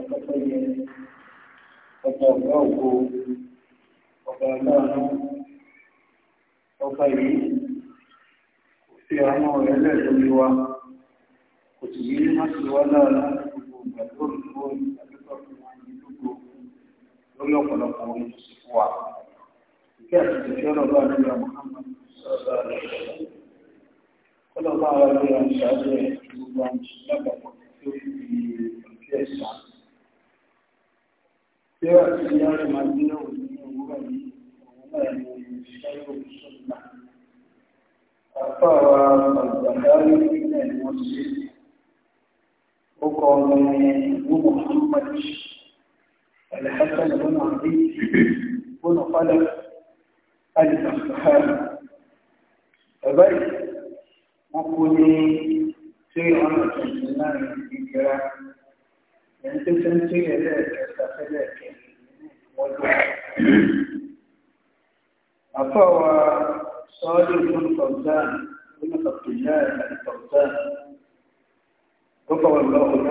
nǹkan tó yẹ ọba ọba ògo ọba aláàánú ọba yìí kò fi àwọn ọ̀rẹ́ lẹ̀ lórí wa kò sì yí má sí wa láàánú gbogbo ìgbà lórí lórí àdúgbò fún wa ní gbogbo lórí ọ̀pọ̀lọpọ̀ ohun tó sì fún wa. ìkẹ́ àti ìdíjọ́ lọ́ba àdúgbò Muhammad sọ̀rọ̀ àdúgbò kọ́lọ́ bá wa lórí àwọn ìṣáájú ẹ̀ gbogbo àwọn ìṣẹ́lẹ̀ àpapọ̀ tó fi ìrìn àti ẹ̀sán. Sera signale mattino Afara al-Zahari bin Musi وقال أبو محمد الحسن بن علي بن خلف الأصحاب أبي وقولي في عام 29 هجرة يعني 90 هجرة ẹlẹ́ẹ̀kẹ́ wọ́n lọ. àfọwọ́ sọ́ọ́lù ìfọ̀tàn ìfọ̀tàn ìfọ̀tàn غفر الله له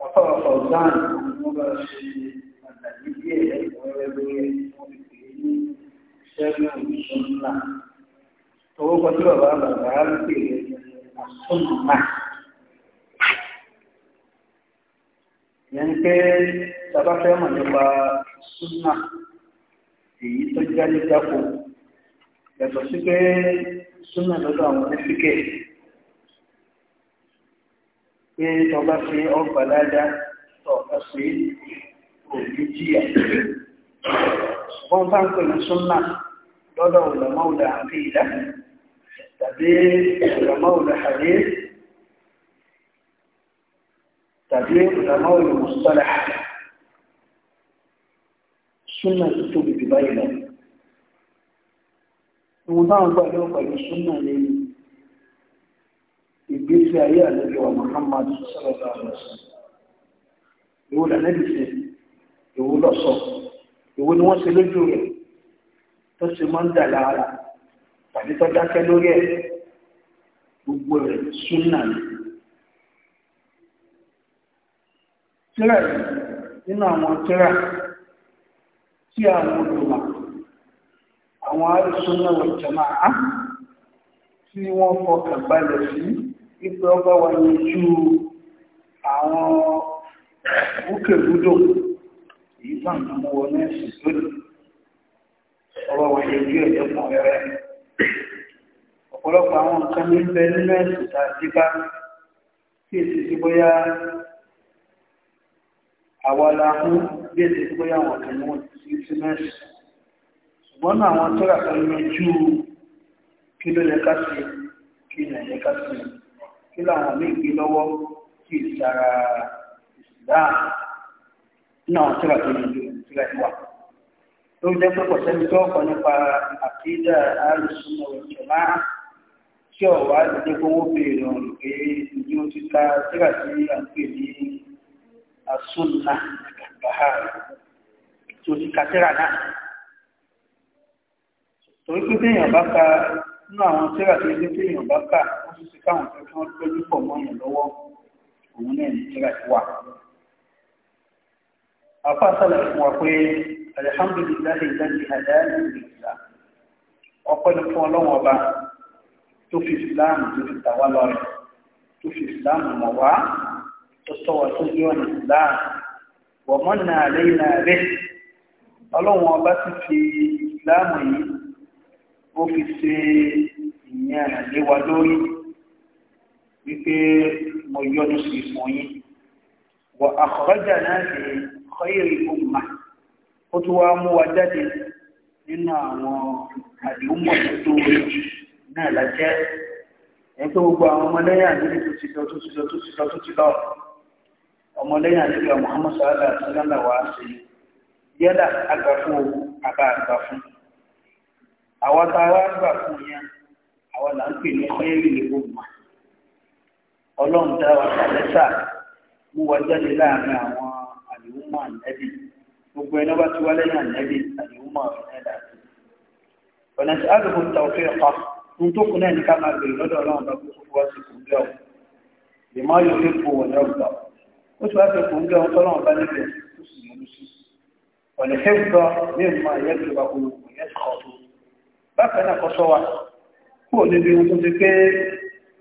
وقال فوزان مباشر النبي ويبي شر السنة توقف بابا السنة yẹn pé sábà fẹ́ mọ̀ nípa súnà èyí tó jáde jáko yàtọ̀ sí pé súnà lọ́dọ̀ àwọn onífíkẹ́ pé tọba ṣe ọgbà dáadáa tọba ṣe òbí jìyà wọ́n bá ń pè ní súnà lọ́dọ̀ ọ̀làmọ́ọ̀là àti ìdá tàbí ọ̀làmọ́ọ̀là àdéhùn تبليغ الأمر المصطلح سنة تكتب ببيضة ومتعرف بقى يوقع السنة لي يبيت في آية النبي ومحمد صلى الله عليه وسلم يقول النبي سيد يقول أصف يقول نواصل الجوية تسمان دلالة تحديث الدكتور يقول السنة لي tíra nínú àwọn tíra tí àwọn olùmọ̀ àwọn arìsúnmọ̀ wọ̀ jẹ̀mọ̀ á tí wọ́n fọkàn balẹ̀ sí wípé ọba wà ní ju àwọn búkèrúdò èyí tàn mọ́ wọn ní ẹ̀sìn lónìí ọba wà ní ojú ẹ̀jẹ̀ mọ́ ẹ̀rẹ́ ọ̀pọ̀lọpọ̀ àwọn nǹkan ní bẹ nínú ẹ̀sìn tàbí bá tí èsì sí bóyá àwọlá fún gbèsè pé àwọn kan wọ́n ti sí mẹ́sì ṣùgbọ́n náà àwọn tó rà pẹ̀lú ojú kí ló yẹ ká sí kí ló yẹ ká sí kí làwọn míì gbé lọ́wọ́ kí ìsara ìsìlá náà tó rà pẹ̀lú ojú ìsìlá ìwà ló jẹ́ pé pọ̀sẹ́ni tó kọ́ nípa àkídà àrùsùn ìjọba tí ọ̀wá ìdíje kówó béèrè ọ̀rọ̀ pé ìdí ó ti ká síra sí àpè ní àsúnà bahar, tó ti kàtírà náà torí pé téèyàn bá ka nínú àwọn tíra tó ilé téèyàn bá kà ó sì ti káwọn tó fún lójú pọ̀ mọ́ yàn lọ́wọ́ òun náà ní tíra ti wà. àpá sálẹ̀ fún wa pé alihamdulilayi lẹ́yìn àdáyé ìlú ìlà ní fún ọlọ́wọ́n ọba tó fi ìsìláàmù tó fi tà wá tó fi ìsìláàmù mọ̀ wá tọ́tọ́ sójú ọ̀nà islam wọ̀mọ́nà àlẹ́yìn rẹ̀ ọlọ́run ọba ti fi islam yìí ó fi ṣe ìyẹn àléwà lórí wípé mo yọnu sí fún yín wọ àkọ́jà náà lè kọ́ èrè ọmọ ó tún wá mú wa jáde nínú àwọn àdéhùnmọ̀ tó náà lájẹ́ ẹgbẹ́ gbogbo àwọn ọmọlẹ́yìn àdéhùn tó ti lọ tó ti lọ tó ti lọ tó ti lọ ọmọlẹ́yìn àdúgbò Muhammad sallallahu alaihi wasallam wá sí yẹ́dà àgbà fún o àbá àgbà fún àwọn tá a wá gbà fún yẹn àwọn là ń pè ní ọyẹ́rì lè wò mà ọlọ́run dá wa sàlẹ́sà mú wa jáde láàrin àwọn àlèhùnmọ́ ànẹ́bì gbogbo ẹni bá ti wá lẹ́yìn ànẹ́bì àlèhùnmọ́ ànẹ́dà ọ̀nà tí àgbègbè tàwọn ẹ̀kọ́ ohun tó kún náà ní ká máa béèrè lọ́dọ̀ ọlọ́run bá kó ó ti wá fi kò ń gẹ́ ohun tọ́lọ́wọ́n bá níbẹ̀ ó sì mú sí ọ̀lẹ̀ fẹ́ gbọ́ ní ìmọ̀ ẹ̀yẹ́ tó bá kó lóko ẹ̀yẹ́ tó kọ́ bákan náà kọ́ sọ wa kúrò níbi ohun tó ti pé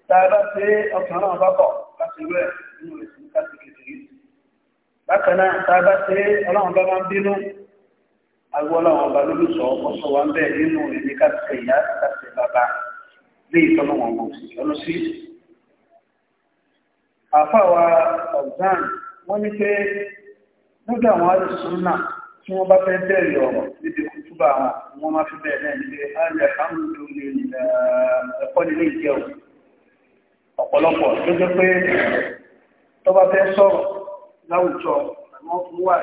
tá a bá ṣe ọkàn náà bá kọ̀ láti rẹ̀ nínú ẹ̀sìn káàsì kékeré bákan náà tá a bá bá máa ń bínú àwọn bá lóbi sọ ọkọ̀ sọ wa ń bẹ́ẹ̀ nínú ẹ̀mí káàsì kẹ̀yà bàbá léyìí tọ́lọ́wọ́n mọ̀ sí ọlọ́sí àfáwà ọ̀gbọ́n wọ́n ní pé nígbà wọn àrùn súnà tí wọ́n bá fẹ́ bẹ̀rẹ̀ ọ̀rọ̀ níbi kútúbà wọn wọ́n máa fi bẹ̀rẹ̀ náà níbi àrùn àmúlò lè ẹ̀kọ́ nílé ìjẹ́ o ọ̀pọ̀lọpọ̀ ló jẹ́ pé tó bá fẹ́ sọ̀rọ̀ láwùjọ àwọn fún wà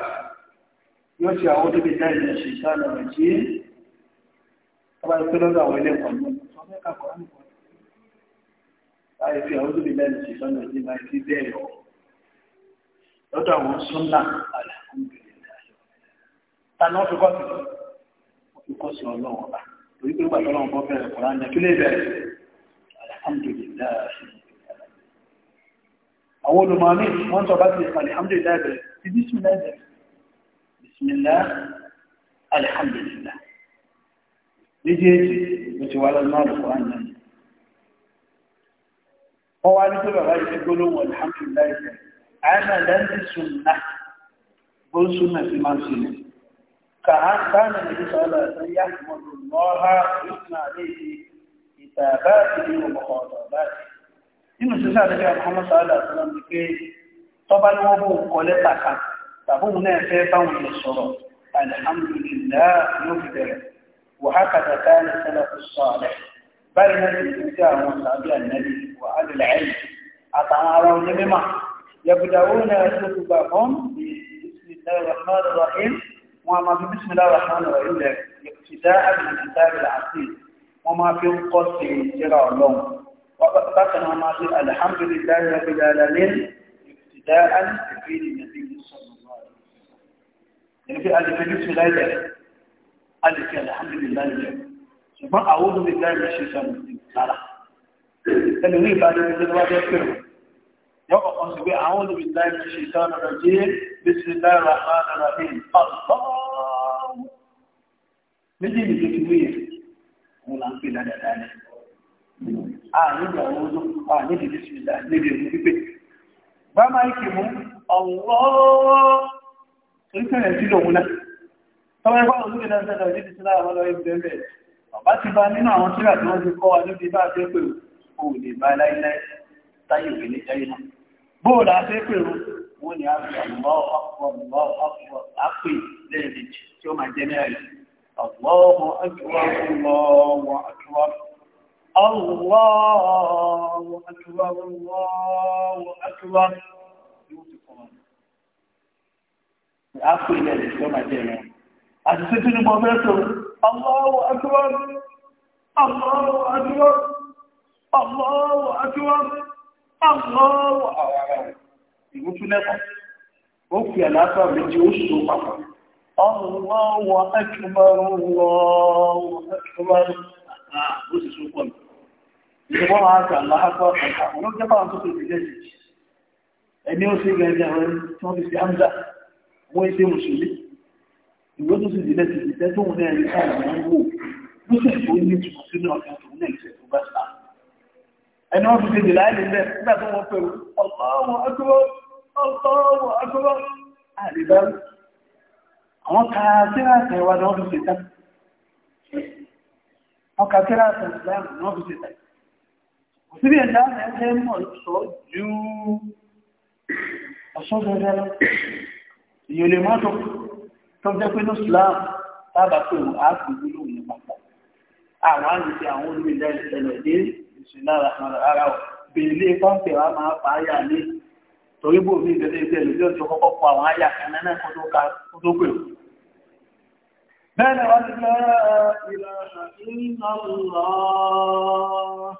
láì fi àwọn olùdílé lẹ́nu sí sọ́nà ní máa ti bẹ́ẹ̀ lọ lọ́dọ̀ àwọn súnlá àlàkùnbìnrin ìdájọ́ tani wọ́n fi kọ́ sí wọ́n fi kọ́ sí ọlọ́run ọba torí pé gbàtọ́ ọlọ́run bọ́ bẹ̀rẹ̀ kọ́ra ń dẹ́kílé bẹ̀rẹ̀ àlàkùnbìnrin ìdájọ́ àwọn olùmọ̀mí wọ́n tọ́ bá ti alhamdulillah bẹ̀rẹ̀ ti bismillah bẹ̀rẹ̀ bismillah alhamdulillah méjèèjì ló ti wá lọ́nà àlùkò àná ọwá ní tó bàbá yìí gbólóhùn alhamdulillah àìmọ̀ lẹ́ndì súnà gbóhùn súnà sí máa sí ni kàánà ní sọ́lá sí yàtìmọ̀lù lọ́ha ìsìnà àléèdè ìtàbá ìlú ọmọkọ̀ọ̀dọ̀ láti nínú sísá àdébíà muhammad sọ́lá sí wọn pé tọ́ba ní wọ́n bó kọ́ lẹ́tà kan tàbóhun náà fẹ́ báwọn lè sọ̀rọ̀ alhamdulillah yóò fi bẹ̀rẹ̀ wàhákàtà káà ní sọ́lá sí sọ́ọ̀lẹ̀ بل نتيجة مصابي النبي وأهل العلم أطعموا جميعا يبدأون كتبهم بسم الله الرحمن الرحيم وما في بسم الله الرحمن الرحيم ابتداء بالكتاب العصير وما في القص جرى اللوم وبقنا ما في الحمد لله رب العالمين ابتداء بفعل النبي صلى الله عليه وسلم يعني في ألف بسم الله ألف الحمد لله ṣùgbọ́n àwọn olóbi láì lè ṣe sọ̀rọ̀ lára ẹni ní ìbára ẹni tó wájú pẹ̀lú yọ ọ̀kan sí pé àwọn olóbi láì lè ṣe sọ̀rọ̀ lọ jẹ́ bísí láì ra máa ń ra bí ọ̀sán méjì ní tó ti wúyẹ̀ òun là ń pè dáadáa ní àárín ìgbà wọn ló wà nídìí bísí láì níbi ìlú pípé bá máa kì mú ọ̀wọ́ orí kẹrẹ̀ sí lòun bá ti bá nínú àwọn tíra tí wọ́n ti kọ́ wa níbi bá ṣe pé o lè bá láíláí táyé òkè ní china bóòlù àṣẹ pé o wọ́n ní àpè ọ̀pọ̀ ọ̀pọ̀ ọ̀pọ̀ àpè tí ó máa jẹ́ mẹ́rin ọ̀pọ̀ ọmọ àjùwọ̀ ọmọ àjùwọ̀ الله أكبر الله أكبر Àpò ilẹ̀ ìjọba jẹ́ ẹ̀rọ. Àṣìṣe tí ní mo fẹ́ tó lụ aụ aaụ a okwue na aai ose aa ọwụụ wụ ụụụ a we ìwé tó sì dílé ti dìtẹ́ tóun náà ní káàmù ń wò lóṣẹ̀ tó ní ìtumọ̀ sínú ọ̀gá tóun náà ìṣẹ̀ tó bá sá. ẹni wọn fi ṣe dìlá ẹni bẹ́ẹ̀ nígbà tó wọn pẹ̀lú ọ̀pọ̀ akọ́wọ́ ọ̀pọ̀ akọ́wọ́ àdìbá àwọn ka kíláàsì wa ni wọ́n fi ṣe tán wọ́n ka kíláàsì ìsìláàmù ni wọ́n fi ṣe tán kò síbi ẹ̀dá ẹgbẹ́ mọ̀ sọ ju ọ̀ṣọ́ tó ń jẹ́ pé ní Islam tábà pé òun á sì wúlò ní papọ̀ àwọn àyèké àwọn olùdílé ìṣẹ̀lẹ̀ dé ìṣúná ara ọ̀ bèèlè pọ́ǹpì wa máa fà á yà ní torí bò mí ìgbẹ́lẹ́ ìgbẹ́lẹ́ ìlú ọ̀tún kọ́kọ́ pọ̀ àwọn àyà kan náà kó tó ka kó tó pè ó. بل لا إله إلا الله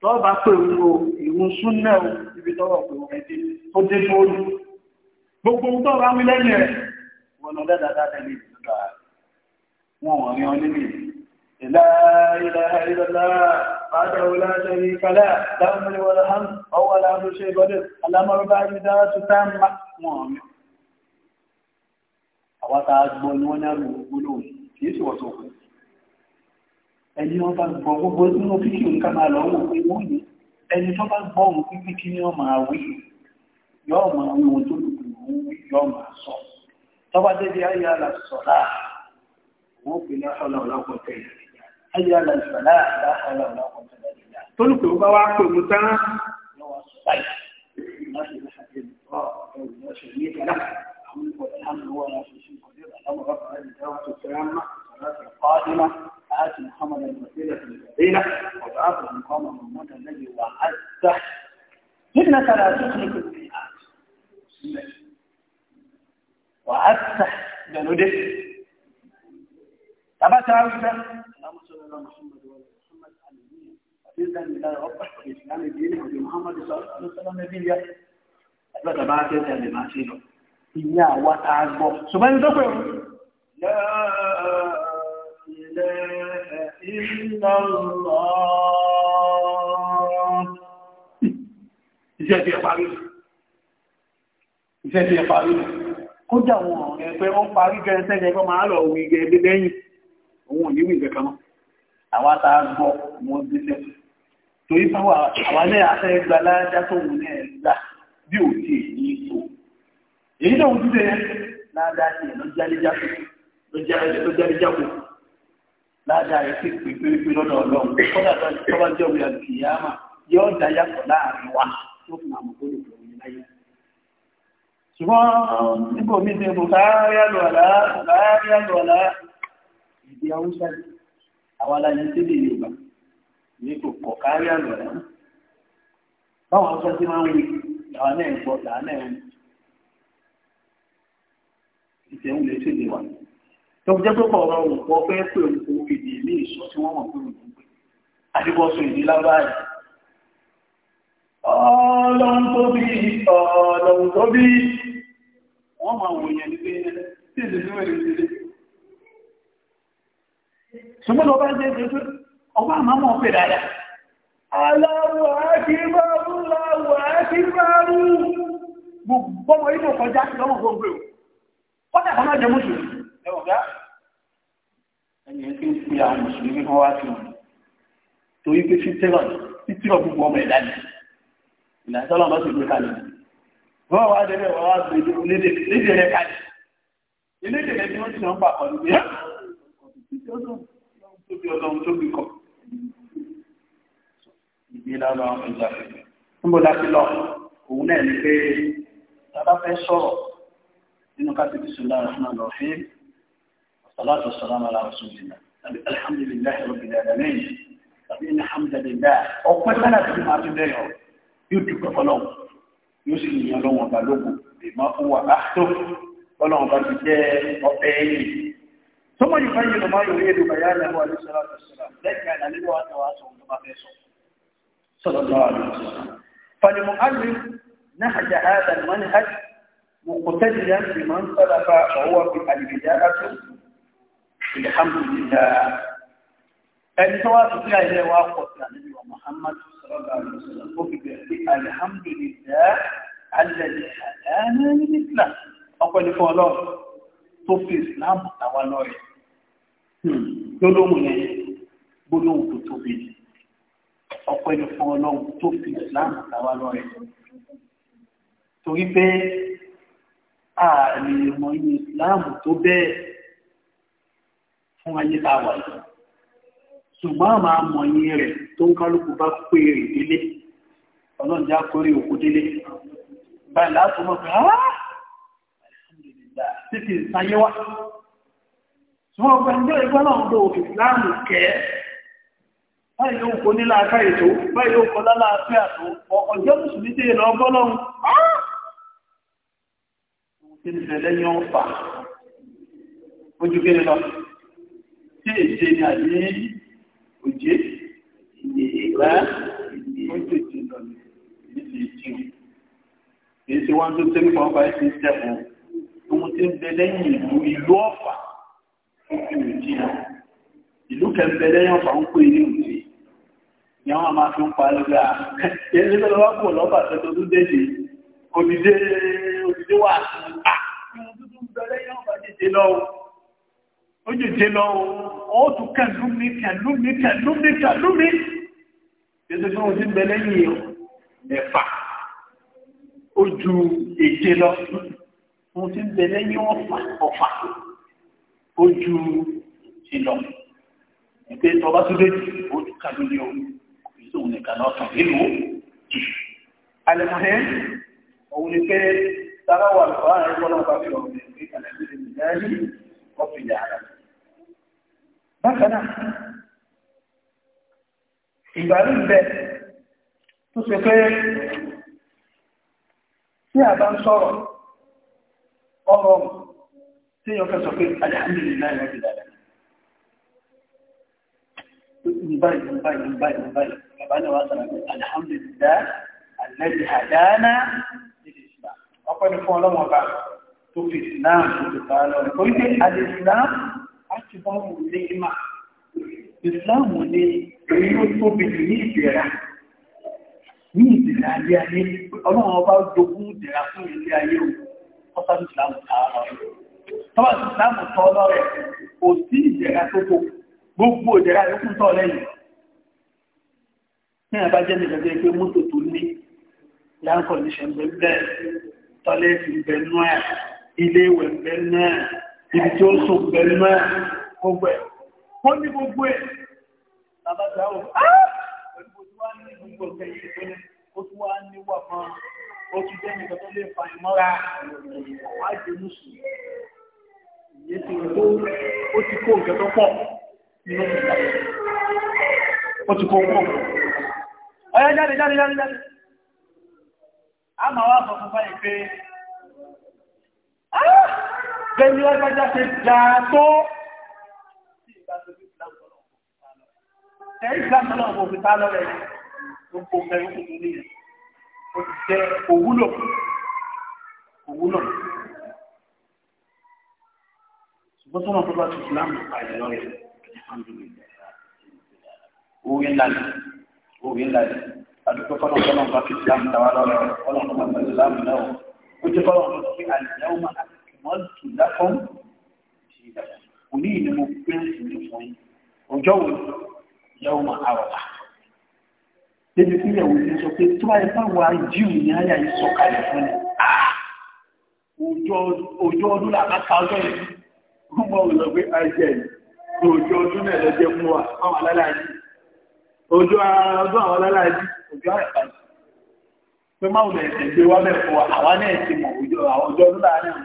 tó bá pè wo ìwọ̀n súnnà ibi tọ́wọ̀ pè wọ́n ẹ̀dẹ́ tó dé tó rí gbogbo tó bá wí lẹ́yìn rẹ̀ wọn lọ lẹ́dàá dáadáa lè dùn dáa wọn wọ̀n ní ọdún lè ìlà ìlà ìlàlá bàdà wọlé àjẹrí kálá dáhùn wọlé hàn ọwọ́ aláàbòṣe ìbọdẹ̀ alámọ́rọ́bá ìdára tó tá má wọn mi. àwọn tá gbọ́ ni wọ́n ní àrùn gbólóhùn kì í sì wọ́n ẹni wọn bá gbọ́ gbogbo nínú fífi nǹkan máa lọ wò pé wọ́n yìí ẹni tó bá gbọ́ òun pípí ni wọ́n máa wí yọ́ọ̀ máa wí ohun tó lù yọ́ọ̀ máa sọ̀rọ̀ tọ́ba débi ayé alàsọ̀lá wọ́n pè ní ọlọ́ ọlọ́kọ̀ tẹ̀lé ayé alàsọ̀lá ọlọ́ ọlọ́kọ̀ tẹ̀lé tóní pé ó bá wá pè mú tán lọ́wọ́ sọ báyìí láti ní àdéhùn ọ̀ ẹ̀rù lọ́sẹ̀ ní ìkàlá àwọn ìkọ̀ ìhàmúwọ̀ láti ṣe ìkọ̀dé àlámọ̀ bá bàrẹ̀ ìdáwà tó tẹ̀rẹ̀ mọ́ صلاة القائمة آت محمد الوسيلة الفضيلة وبعث المقام محمود الذي وعدته إنك لا تخلف الميعاد وأفتح جنوده أبا تعاوي ده اللهم صل على محمد وعلى محمد على الدين وإذن الله ربك وإسلام الدين وبمحمد صلى الله عليه وسلم نبيا أبا تبعك أنت اللي ما سيله إيا وتعذب سبحان الله لا إله إلا الله إزاي يا فاروق إزاي يا فاروق kódà wọn ọ̀rẹ́ pé wọ́n parí gẹ́rẹ́sẹ́ jẹ́ kọ́ máa lọ wí lẹ́yìn òun ò ní wí a gbọ́ wọn gbéṣẹ́ torí fáwọn àwa náà afẹ́ gba tó wù bí ò tí ì ní èyí náà sì pé lọ́dọ̀ ọlọ́run tó bá jẹ́ òun mà yóò dá yàtọ̀ láàrin wa tó fi ṣùgbọ́n nígbò mí ti bù káyàlù ọ̀lá káyàlù ọ̀lá ìdí haúsá àwọn aláyẹ tí lè yorùbá ní kò kọ káyàlù ọ̀lá báwọn haúsá ti máa ń wí àwọn náà ń gbọ́ làwọn náà ń ìṣẹ́ ń lè ṣèlè wà tó jẹ́ pé kọ̀ọ̀rọ̀ fẹ́ pé òǹkọ́ fìdí ilé ìṣọ́ tí wọ́n mọ̀ pé òǹkọ́ pé ìdí lábáyé ọlọ́run tó bí ọlọ́run tó bí wọ́n máa wò yẹn ní pé tí èdè ló rẹ̀ lè ṣùgbọ́n lọ bá jẹ́ jẹ́ ọba àmàmọ́ pè dáadáa aláwọ̀ akíbárú láwọ̀ akíbárú gbogbo ọmọ inú kọjá lọ́wọ́ gbogbo ẹ̀ tí ìlànà tọ́lọ́ bá sì gbé kalẹ̀ wọ́n wá dé bẹ́ẹ̀ wọ́n wá gbé lédè rẹ̀ kalẹ̀ lédè rẹ̀ ni wọ́n ti hàn pàpọ̀ níbi yá tóbi ọlọ́run tóbi kọ̀ ìdí lára ìjà níbo la ti lọ òun náà ni pé tábà fẹ́ sọ̀rọ̀ nínú kápẹ́tì sọ̀rọ̀ àrùn náà lọ fi ọ̀sọ̀láàtò sọ̀rọ̀ àmàlà ọ̀sùn ìlà tàbí alhamdulilayi rabbil alamin tàbí ní alhamdulilayi ọ̀pẹ́ sálà tó máa fi bẹ́ẹ̀ yọ̀ yóò dúpẹ́ fọlọ́wọ́ yóò sì yìn ọlọ́wọ́n ọba lógo lè má fún wa láàtó ọlọ́wọ́n ọba ti jẹ́ ọbẹ̀ ẹ̀yìn. sọmọ yìí bá yẹn lọ máa yọrí ẹ̀dùn bàyá àlẹ́ wa lọ́sọ̀rọ̀ àtọ̀sọ̀rọ̀ lẹ́yìn àlẹ́ lẹ́wọ̀ àtọ̀wà sọ ohun tó bá fẹ́ sọ sọ̀rọ̀ lọ́wọ́ àlọ́sọ̀rọ̀. fàlìmù alì náà jà áàdà mọ́ni hajj مقتديا بمن سلف وهو في البداية الحمد لله. أن سواء في الله وأخوة النبي محمد sallallahu alaihi wasallam ó fi bẹ̀rẹ̀ pé alhamdulillah alladhi hadana lil islam ọpẹ́ ní fún ọlọ́run tó fi islam tàwa lọ́rẹ̀ hmm, lólóhùn yẹn gbólóhùn tó tóbi ọpẹ́ ní fún ọlọ́run tó fi islam tàwa lọ́rẹ̀ torí pé ààrẹ ìmọ̀ islam tó bẹ́ẹ̀ fún ayé tá a wà yìí ṣùgbọ́n àmà mọ̀yìn rẹ̀ tó ń kálùkù bá pé rẹ̀ délé ọlọ́njá kórè òkú délé báyìí látọ́ mọ̀ pé ààrẹ títí ìsáyé wá ṣùgbọ́n ọgbẹ́ ń bẹ́ẹ̀ gbọ́nà ń lo ìsìláàmù kẹ́ báyìí ló ń kó nílá aká ètò báyìí ló ń kó lálá afẹ́ àtò ọjọ́ mùsùlùmí òjé ìgbà méjèèjì lọ́nà méjèèjì o kì í ṣe one two three four five six seven ohun tí ń bẹ lẹ́yìn ìlú ìlú ọ̀fà ó fi òjì lọ ìlú kẹfẹ lẹ́yìn ọ̀fà ń pè ní òjì ni àwọn máa fi ń pa lórí à ẹni tó lọ́wọ́ pọ̀ lọ́ba tuntun tó dé yìí òdìdé òdìdé wà á ìwọ̀n tuntun bẹ lẹ́yìn ọ̀fà jèjì lọ́wọ́ ó jèjì lọ́wọ́ ó tún kẹlúmi kẹlúmi kẹlúmi kẹlúmi ètò tí wọ́n ti ń bẹ lẹ́yìn ẹ̀fà ó ju èje lọ wọ́n ti ń bẹ lẹ́yìn ọ̀fà ọ̀fà ó ju ìlọ ìpè tọba tó déjì ó tún kẹlúmi o ìṣòwò nìkan náà tàn nínú alẹ́ mọ̀ ẹ́ òun ni pé sára bákan náà ìgbà ní ìbẹ̀ tó ṣe pé tí a bá ń sọ̀rọ̀ ọ̀rọ̀ tí yóò fẹ́ sọ pé alhamdulillah láti dáadáa báyìí báyìí báyìí báyìí bàbá náà wá sára pé alhamdulillah alladhi hadana nílé ìsìlá ọpẹ́ ní fún ọlọ́wọ́n bá tó fi ìsìlá tó fi bá lọ́rùn torí pé alẹ́ ìsìlá láti bá wọn lé mà ìsìláàmù ni èyí ó tóbi jù ní ìdẹ̀ra ní ìdẹ̀ra ayé ayé ọlọ́run ọba jogún ìdẹ̀ra fún ilé ayé o ọ̀sán ìsìláàmù tààrà rẹ̀ tọ́wọ́ ìsìláàmù tọ́ lọ́rẹ̀ kò sí ìdẹ̀ra tó tó gbogbo ìdẹ̀ra yókù tọ́ lẹ́yìn ní àbájẹ́ nìkan tó yẹ pé mọ́tò tó ní láńkọ̀ níṣẹ́ ń bẹ bẹ́ẹ̀ tọ́lẹ́ẹ̀sì ń bẹ náà ilé ìwẹ̀ ń bẹ ibi tí ó ń sùn pẹ̀lú ẹ̀ gbogbo ẹ̀ ó ní gbogbo ẹ̀ làbàtà ó pẹ̀lú bó ti wá ní gbogbo ọ̀sẹ̀ yìí tó ní ó tún wá ní wà kan ó tún jẹ́ nìkan tó lè fa ìmọ́ra àjẹ mùsùn ìyẹn ti rò tó ó ti kó nǹkan tó pọ̀ nínú ìgbà ó ti kó pọ̀ ọ̀yá jáde jáde jáde jáde a máa wá sọ fún báyìí pé ah! pẹ̀lú ẹgbẹ́já ṣe dáa tó ẹ̀rí ìgbàmọ́ náà kò fi tá lọ́rẹ̀ gbogbo mẹ́rin tó ní ẹ̀ ó ti jẹ́ òwúlò òwúlò ṣùgbọ́n tó náà tó bá ti ìsìlámù àyè lọ́rẹ̀ orí ńlá ni orí ńlá ni àdúgbò kọ́nà kọ́nà bá fi ìsìlámù dáwà lọ́rẹ̀ kọ́nà kọ́nà bá fi ìsìlámù náà ó ti kọ́nà tó fi àlìyáwó máa mọ́tò lákọ́m ti ìdàgbà òní ìlú mo pé ìlú fún yín ọjọ́ wo yẹ́wò máa hà wà. débi pé ìyàwó ti sọ pé tó báyìí bá wa jíù ní àyà yìí sọ kalẹ̀ fún mi ọjọ́ ọdún làbá ka ọjọ́ yìí wọ́n mọ̀ wọ́n lọ pé àìjẹ́ yìí ọjọ́ ọdún náà lọ́jẹ́ fún wa àwọn alálàájì ọjọ́ ọdún àwọn alálàájì ọjọ́ àìpàdé pé máwùlẹ̀ ẹ̀sẹ̀ gbé wá bẹ̀ fún wa àwa náà ti mọ̀ ọjọ́ ọdún láàárín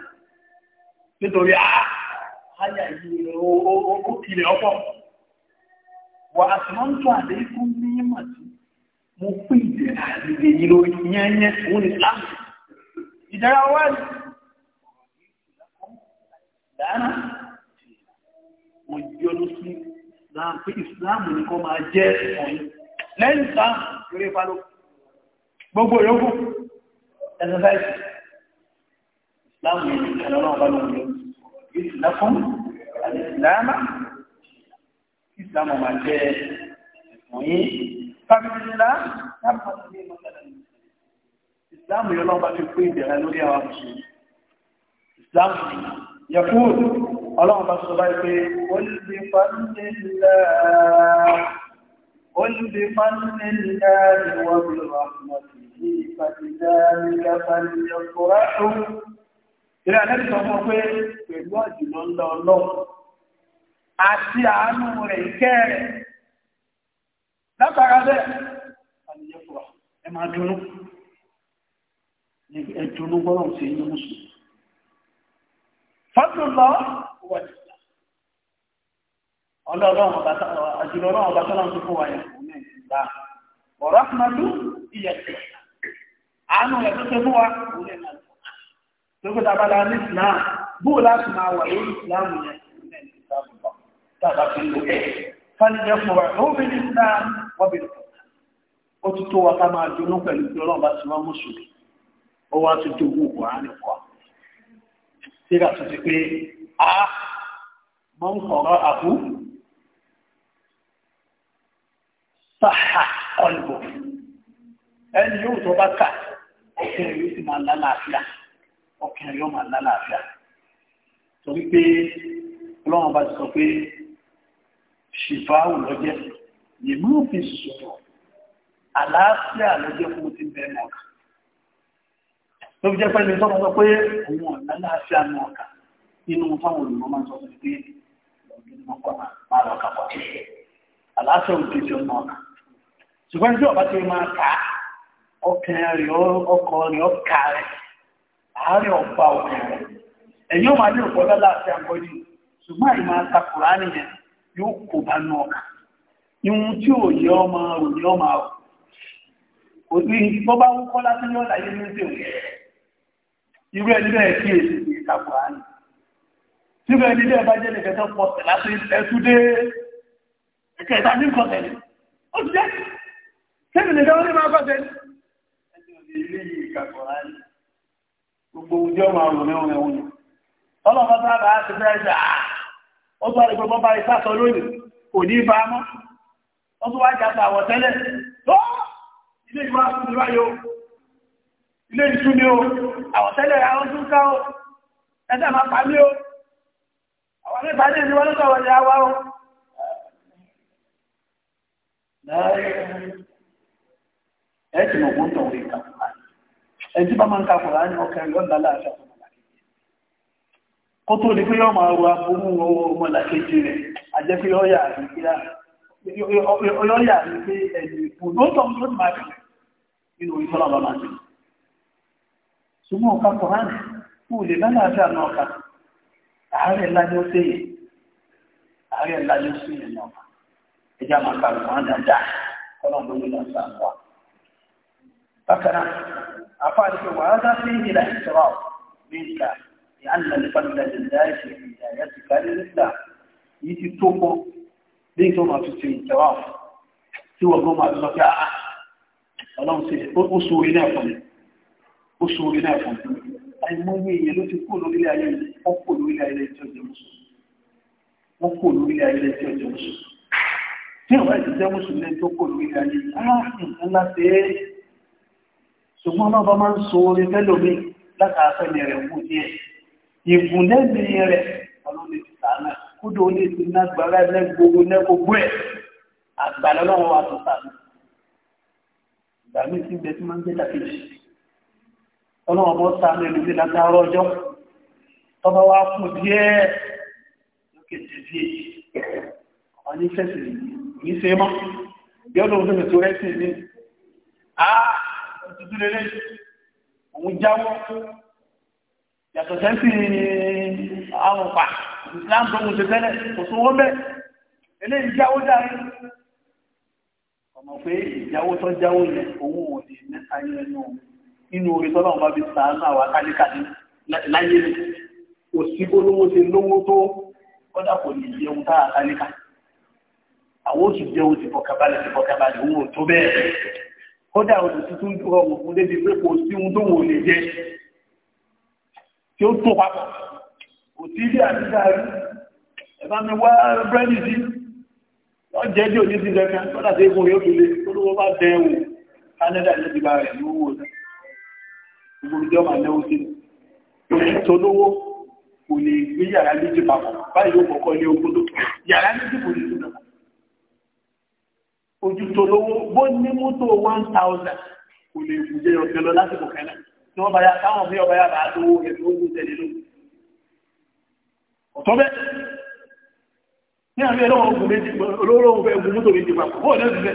nítorí àáyà ah, yìí ó kílẹ̀ ọ̀pọ̀. wà á sì máa ń tún àdé ikú ní yíma tí mo pín ìdẹ̀rà àdìgbè yìí lórí yẹ́nyẹ́ òun ni láàmù ìdẹ̀rà wà ní dáná mo yọnu sí láàpé ìsìláàmù ní kọ́ máa jẹ́ ọ̀yìn lẹ́yìn ìsìláàmù eré palo gbogbo yòókù ẹ̀sẹ̀sáìsì ìsìláàmù yìí ìkànnà náà bá ìsìláfún àìsìláàmà ìsìláàmù máa jẹ́ ẹ̀sùn yìí fàmìlìlá lápá sí mọ́tàlá ìsìláàmù yọ lọ́wọ́ bá fi pé ìdẹ̀rẹ̀ lórí àwọn mùsùlùmí ìsìláàmù yẹ̀kúù ọlọ́run bá sọ báyìí pé olùdífàmìlìlá olùdífàmìlìlá ni wọ́n fi rọ̀ àmọ̀tì yìí fàtìlá ní ìrìn àlẹ́ sọ fún ọ pé pẹ̀lú ọ̀jùlọ ńlọ ọlọ́run àti àánú rẹ̀ ìkẹ́ látara bẹ́ẹ̀ àníyàn fún wa ẹ máa dúró ẹ dúró gbọ́rọ̀ sí inú mùsùlùmí. fọ́tò lọ wọ̀ ní ìlà ọlọ́run ọba àjùlọ ọlọ́run ọba tọ́lá ń tó fún wa yẹn fún ìgbà ọ̀rọ̀ àfúnadú àánú rẹ̀ tó fún wa òun tókòtà abala ní islam bóò láti máa wà lórí islam yẹn ní ìsìlá bùbá tàbá fi lò ẹ fani yẹ fún wa ó bí ní islam wọ́n bí lò ó ti tó wa ká máa dunú pẹ̀lú pé ọlọ́run bá ti wá wa síra tó ti pé a ẹni yóò tó bá kà ọ̀kẹ́ yóò sì máa lálàáfíà ọkàn yóò máa lálàáfíà torí pé ọlọ́run bá ti sọ pé ṣìfáwù lọ́jẹ́ yèmú fi sọ̀rọ̀ àlàáfíà lọ́jẹ́ fún ti bẹ̀rẹ̀ ọ̀kà tó fi jẹ́ pẹ́lú sọ́kàn sọ pé òun ọ̀nà láàáfíà ní ọ̀kà nínú fáwọn olùmọ̀ máa ń sọ pé ọdún mọ́kọ́ máa lọ kà pọ̀ àlàáfíà ò ti jọ náà kà ṣùgbọ́n tí ọba ti máa kà ọkàn rẹ̀ ọkọ̀ rẹ̀ ọkà rẹ̀ àárẹ̀ ọ̀pá ọ̀rẹ́ rẹ̀ ẹ̀yìn ó máa ní ọ̀pọ̀ lọ́la àti àgbọ́dì ṣùgbọ́n àìmọ̀ àtakùrá nìyẹn yóò kó bá nù ọ̀kà ihun tí ò yẹ ọmọ rò ní ọmọ rò kò ní bó bá ń kọ́ lásán ní ọ̀la yé ní ṣe òkè irú ẹni bẹ́ẹ̀ kí èsì ní ìtakùrá nì síbẹ̀ ní ilé ẹ̀bájẹ́ lè fẹ́tọ́ pọ̀ tẹ̀ láti ẹtú dé ẹ̀kẹ́ ní nǹkan tẹ̀lé ó ti jẹ́ kébìnrin kan ó ní máa bá tẹ̀lé ẹni ò ní ilé yìí ìkàkùrá nì gbogbo ojú ọmọ àrùn ní ẹ̀wọ̀n ọlọ́pàá sábà á ti bẹ́ẹ̀ sẹ́ àá ah! ó tó àdìgbò bọ́ báyìí sásọ lónìí kò ní bá mọ́ ó wá jàpá àwọ̀ tẹ́lẹ̀ tó ilé ìwà ilé ìtú ni ó àwọ̀ tẹ́lẹ̀ àwọn tún ká ó máa pa ó àwọn mẹ́ta ní ó. ẹ ti mọ̀ kan. ẹjí bá máa ń ka kùrá ní ọkẹ lọ́dà láàṣà kó tó di pé yọ́ máa ro aburú owó ọmọlàkejì rẹ̀ àjẹ́ pé yọ́ yà ní عفاك وهذا فيه الاحترام منك لأن الفضل لله في هدايتك لله يجي توبو ليه توما في الجواب سوى قوما بالله يا Ọlọ́run sí oṣù orí náà fún mi oṣù orí náà fún mi àìmọye èèyàn ló ti kó lórílẹ̀ ayé wọn kó lórílẹ̀ ayé tí ọjọ́ mùsùlùmí wọn kó lórílẹ̀ ayé tí ọjọ́ mùsùlùmí tí ìwà ìdíjẹ́ mùsùlùmí tó kó lórílẹ̀ ayé á nǹkan ah, láti ṣùgbọ́n lọ́bọ máa ń so orí fẹ́lòmí látàáfẹ́ni rẹ̀ wù díẹ̀ ìbùnẹ́bí rẹ̀ ọlọ́ni ti sàánà kúdò ní ti nágbàrá lẹ́gbogbo lẹ́gbogbo ẹ̀ àgbàlọ́lọ́wọ́ wa tó sàánà ìgbà mi ti bẹ̀ tí máa ń gbé dàkejì ọlọ́wọ́ bọ́ sàánà ìlú mi látàárọ̀ ọjọ́ tọ́ba wa kù díẹ̀ lókè tẹ̀sí ọ̀nífẹ̀sì yìí ṣe mọ́ yọ́dún tó mi tó rẹ́sì ní tuntun lélẹ̀ òun jáwọ́ yàtọ̀ sẹ́ńtì àwọn pa islam tó ń ṣe tẹ́lẹ̀ kò sówó bẹ́ẹ̀ eléyìí jáwọ́ dáre ọmọ pé ìjáwọ́ tó jáwọ́ yẹn owó òde mẹ́ta yẹn nù inú orí tọ́lá wọn bá fi sàánú àwọn akálíkà ní láyé ni kò sí olówó ṣe lówó tó kọ́dà kò ní jẹun tá àkálíkà àwọn oṣù jẹun ti fọkàbalẹ̀ ti fọkàbalẹ̀ owó tó bẹ́ẹ̀ kódà olùsí tún rọrùn fún débi pé kò sí ohun tó wò lè jẹ tí ó tún papọ̀ kò sí ilé àtijọ́ rí ẹ̀bá mi wá búrẹ́dì sí wọ́n jẹ́ bí òní ti lẹ́ka kódà tó egun yóò file tó lówó bá dẹ wò Canada ló ti ba rẹ̀ ní owó rẹ̀ gbogbo ìjọ máa lẹ́wọ́ sí i tó lówó kò lè gbé yàrá méjì papọ̀ báyìí ó kọ̀ọ̀kan ilé ogún tó yàrá méjì kò lè tún náà ojútó lówó bó ní mọ́tò one thousand kò lè kú jẹ́ ọ̀sẹ̀ lọ lásìkò kẹ́lẹ́ tí wọ́n bá yá káwọn bí ọba yá bá lówó yẹn tó kú tẹ̀lé ló. ọ̀tọ́ bẹ́ẹ̀ ní àmì ẹ̀rọ ọ̀gùn méjì olóró ọ̀gùn ẹ̀gùn mọ́tò méjì papọ̀ bó ọ̀dẹ́ ìbẹ̀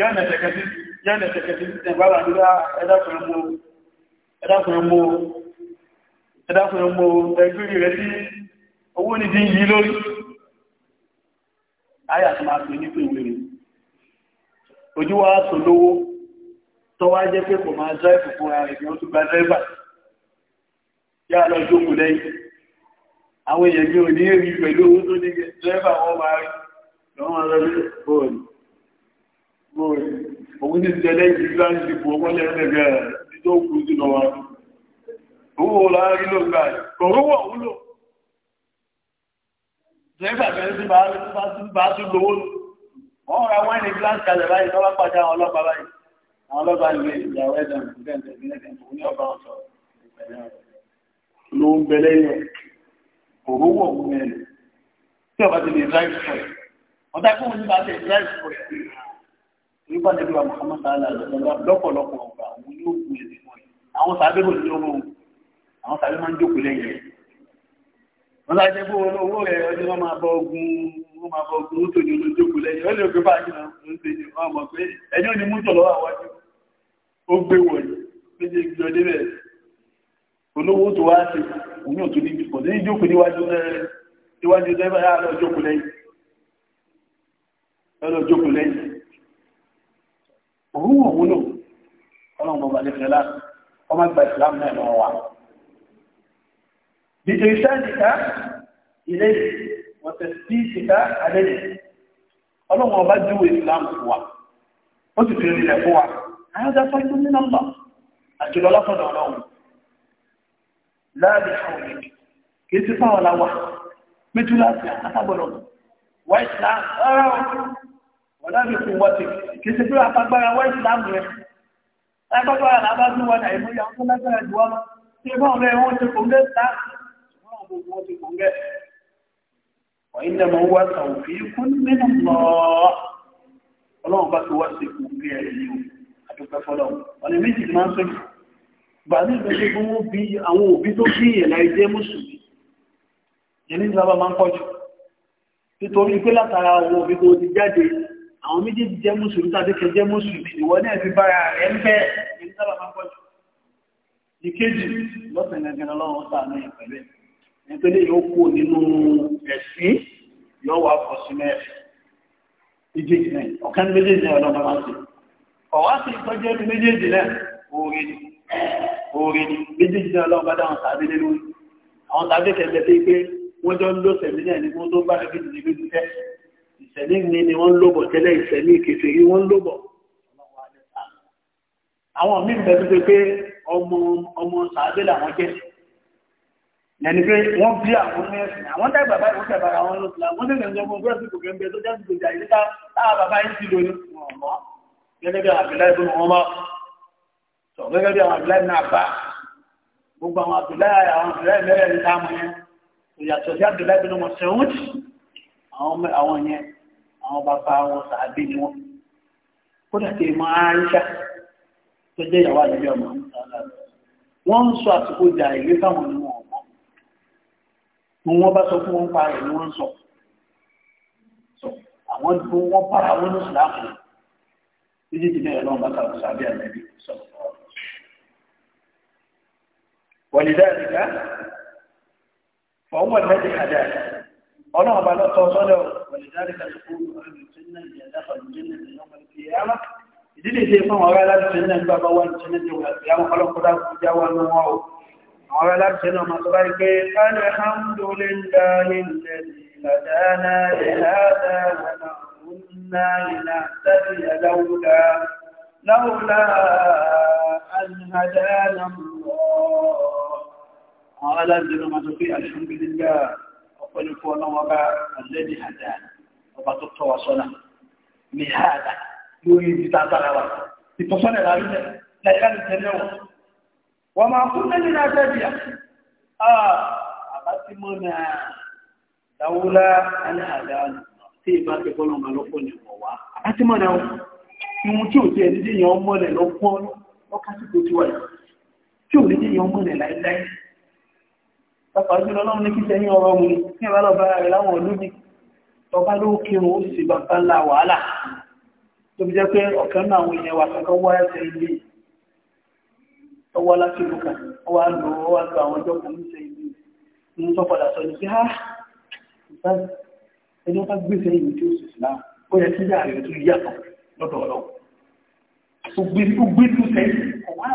yánà ẹ̀tẹ̀kẹ́sí yánà ẹ̀tẹ̀kẹ́sí ẹ̀bá wà nígbà ojú wa sọ lówó tó wá jẹ́ pé kò máa dráìfù fún ara rẹ̀ ó tún gba dráìfà yá lọ jókòó lẹ́yìn àwọn èèyàn bí òní rí pẹ̀lú owó tó ní dráìfà wọ́n máa rí lọ́wọ́ máa lọ́rí bóòlù bóòlù òun ti jẹ lẹ́yìn ìlú láti dìbò ọmọ lẹ́rẹ̀ẹ́rẹ́ rẹ̀ tó kú sí bá tún lówó lò wọ́n ra wọ́n ní blanche kalẹ̀ báyìí lọ́wọ́ pàdé àwọn ọlọ́pàá báyìí àwọn ọlọ́pàá ìwé ìyàwó ẹ̀dọ̀n ló ń bẹ lẹ́yìn òrówó òun ẹ̀ tí ọba ti lè drive for ọ̀tá kí wọ́n ní bá ti drive for nípa níbi wa Muhammad sallallahu alaihi wa sallam lọ́pọ̀lọpọ̀ ọgbà àwọn yóò gun ẹ̀sìn wọn àwọn sàbẹ̀ kò ní owó àwọn sàbẹ̀ máa ń jókòó lẹ́yìn wọ́n láti bó owó rẹ̀ ọdún wọ́n máa bọ ogun wọ́n máa bọ ogun mútò ní olójókò lẹ́yìn ó lè pé bá jìnà ló ń ṣe ní wọ́n mọ̀ pé ẹjọ́ ni mútò lọ́wọ́ àwájú ó gbé wọ̀nyí méjì gbé ọdẹ bẹ̀ olówó tó wá sí òun yóò tún ní ìdìpọ̀ ní ìjókòó níwájú níwájú dẹ́gbà yá lọ jókòó lẹ́yìn lọ́dọ̀ jókòó lẹ́yìn òun wọ̀ wúlò ọlọ́run bọ̀ bàjẹ́ fẹ́lá ọmọ gba ìsìlámù náà بإرشادك إليه وتثبيتك عليه ọlọ́run ọba júwe islam fún wa ó sì fi rinlẹ̀ fún wa àyájá fọ́jú ní nọ́mbà àjùlọ lọ́sọ̀dọ̀ ọlọ́run láàrin àwọn èdè kìí sí fáwọn làwà méjì láti àtàgbọ̀dọ̀ wá islam rárá o wọ́n láti fún wọ́n ti kìí sí fúra apagbára wá islam rẹ̀ apagbára làbá tún wọn àìmọye àwọn tó lágbára jù wá lọ sí fáwọn ọmọ ẹ̀ wọ́n ti fòǹdé islam tó wọ́n ti kún bẹ́ẹ̀. wọ́n ní ẹ̀mọ́ wá sàwọn fi kún nínú lọ ọlọ́run bá ti wá sí kún bí ẹ̀rẹ̀ ni o àdúpẹ́ fọlọ́ ọ̀nà méjì máa ń sọ́jú gbà ní ìgbésẹ̀ bí wọ́n bí àwọn òbí tó bí ìyẹ̀lá ẹjẹ́ mùsùlùmí yẹn sábà máa ń pọ̀ jù nítorí pé látara àwọn òbí tó ti jáde àwọn méjèèjì jẹ́ mùsùlùmí tàbí kẹ jẹ́ mùsùlùmí ìwọ náà fi bára rẹ̀ ń bẹ́ ẹni sábà máa ń pọ̀ jù ìkéjì lọ́sẹ̀ gẹ́gẹ́ lọ́wọ́ sáà náà pẹ̀lú ẹ̀ nítorí yóò kó nínú ẹ̀sìn yóò wá fọ sínú ẹ̀sìn méjèèjì náà ọ̀kan méjèèjì náà lọ́nà máa ń sè ọ̀wá sí ìtọ́jú ẹni méjèèjì náà oore ni oore ni méjèèjì náà lọ́nà bá dáhùn tàbí lé lórí àwọn tàbí kẹlẹ pé pé wọ́n jọ ń lò sẹ̀mí náà ní kó tó bá ẹgbẹ́ ìdílé lójú tẹ́ ìsẹ̀mí ni ni wọ́n ń lòbọ̀ tẹ́lẹ̀ ìsẹ̀mí kèfèrí wọ́n ń lòbọ̀ àwọn míì bẹ̀rẹ̀ pé ọmọ ọmọ sàábẹ́ làwọn jẹ́ ẹni pé wọ́n bí àwọn mẹ́rin àwọn tẹ́ bàbá wọn ló ti wọ́n tẹ̀lé ọjọ́ fún gúrẹ́sì kò kẹ́ńbẹ́ tó jẹ́ ìgbòjà yìí ká táà bàbá yìí ti lóyún ọ̀mọ́ gẹ́gẹ́ bí àbílá ìbọn wọn bá tọ̀ gẹ́gẹ́ bí àwọn àbílá ìbọn àbá gbogbo àwọn àbílá àwọn àbílá ìmẹ́rẹ̀ ní táàmù yẹn tó wọ́n bá sọ fún wọn pa rẹ̀ ni wọ́n sọ àwọn tó wọ́n para wọn ní ìsìláàmù títí ti bẹ̀rẹ̀ lọ́wọ́ bá kàwé sábẹ́ àlẹ́bí sọ̀rọ̀ ولذلك فهو الذي هداك ọlọ́run bá lọ́tọ́ sọ́lẹ̀ ọ̀pọ̀lẹ̀dáríkà tó kó ọ̀rọ̀ ìjìnnà ìjẹ̀dáfà ìjìnnà ìlọ́mọ̀ ìfìyàmà ìdílé ìdí ìfọ́n ọ̀rọ̀ aláàbìsẹ̀ náà gbàgbà wà ìjìnnà ìjẹ̀wà ìyàwó ọlọ́kọ̀dá kújá wà ní wọn o àwọn alábìṣẹ́ náà máa tó báyìí pé alhamdulillahi alladhi hadana li hadha wa ma kunna linahtadiya lawla lawla an hadana Allah àwọn alábìṣẹ́ náà máa tó pé alhamdulillah ọ̀pọ̀lọpọ̀ ọlọ́wọ́ bá alladhi hadana ọba tó tọ́ wa sọ́nà li hadha lórí ìtàtàrà wa ìtọ́sọ́nà ìlàrí wọ́n máa kú lẹ́yìn àtẹ́bíà àbá tí mọ́ náà dáwúlá ẹni àdáàlù tí ìbá ti bọ́ lọ́mọ lọ́pọ̀ ní ọ̀wọ́ wa àbá tí mọ́ náà ìwọ̀n tí ò tí ẹni tí èèyàn mọ́lẹ̀ lọ́pọ̀ lọ́kásìkò tí wà yìí tí ò ní tí èèyàn mọ́lẹ̀ láíláí pàpà jùlọ lọ́wọ́ ní kíkẹ́ yín ọ̀rọ̀ mu ní kí rẹ̀ láwọn ọdún tọba ló kírun ó sì bàbá ńlá wàhálà tó fi jẹ́ pé ọ̀kan náà àwọn èèyàn wà kankan wáyà sẹ́yìn lẹ́yìn ọwọ́ láti ìlú kan ọwọ́ àlò ọwọ́ àlò àwọn ọjọ́ kan ní sẹ́yìn ní inú tó padà sọ ní pé ha ah, ẹni wọ́n bá gbé sẹ́yìn tí ó sì sílá ó yẹ kí yàrá rẹ̀ tó yàtọ̀ lọ́dọ̀ ọlọ́run ó gbé tó gbé tó sẹ́yìn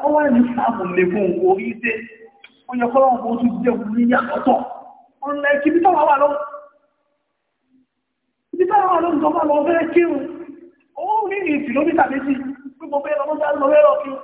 ó wà ní sáàmù lè fún orí dé ó yẹ kọ́ lọ́wọ́ tó jẹ́ ní yàtọ̀tọ̀ ó ń lẹ kíbi tó wà lọ́wọ́ ibi tó wà lọ́wọ́ tó wà lọ́wọ́ fẹ́ kírun ó rí ìkìlómítà méjì pé mo fẹ́ lọ́wọ́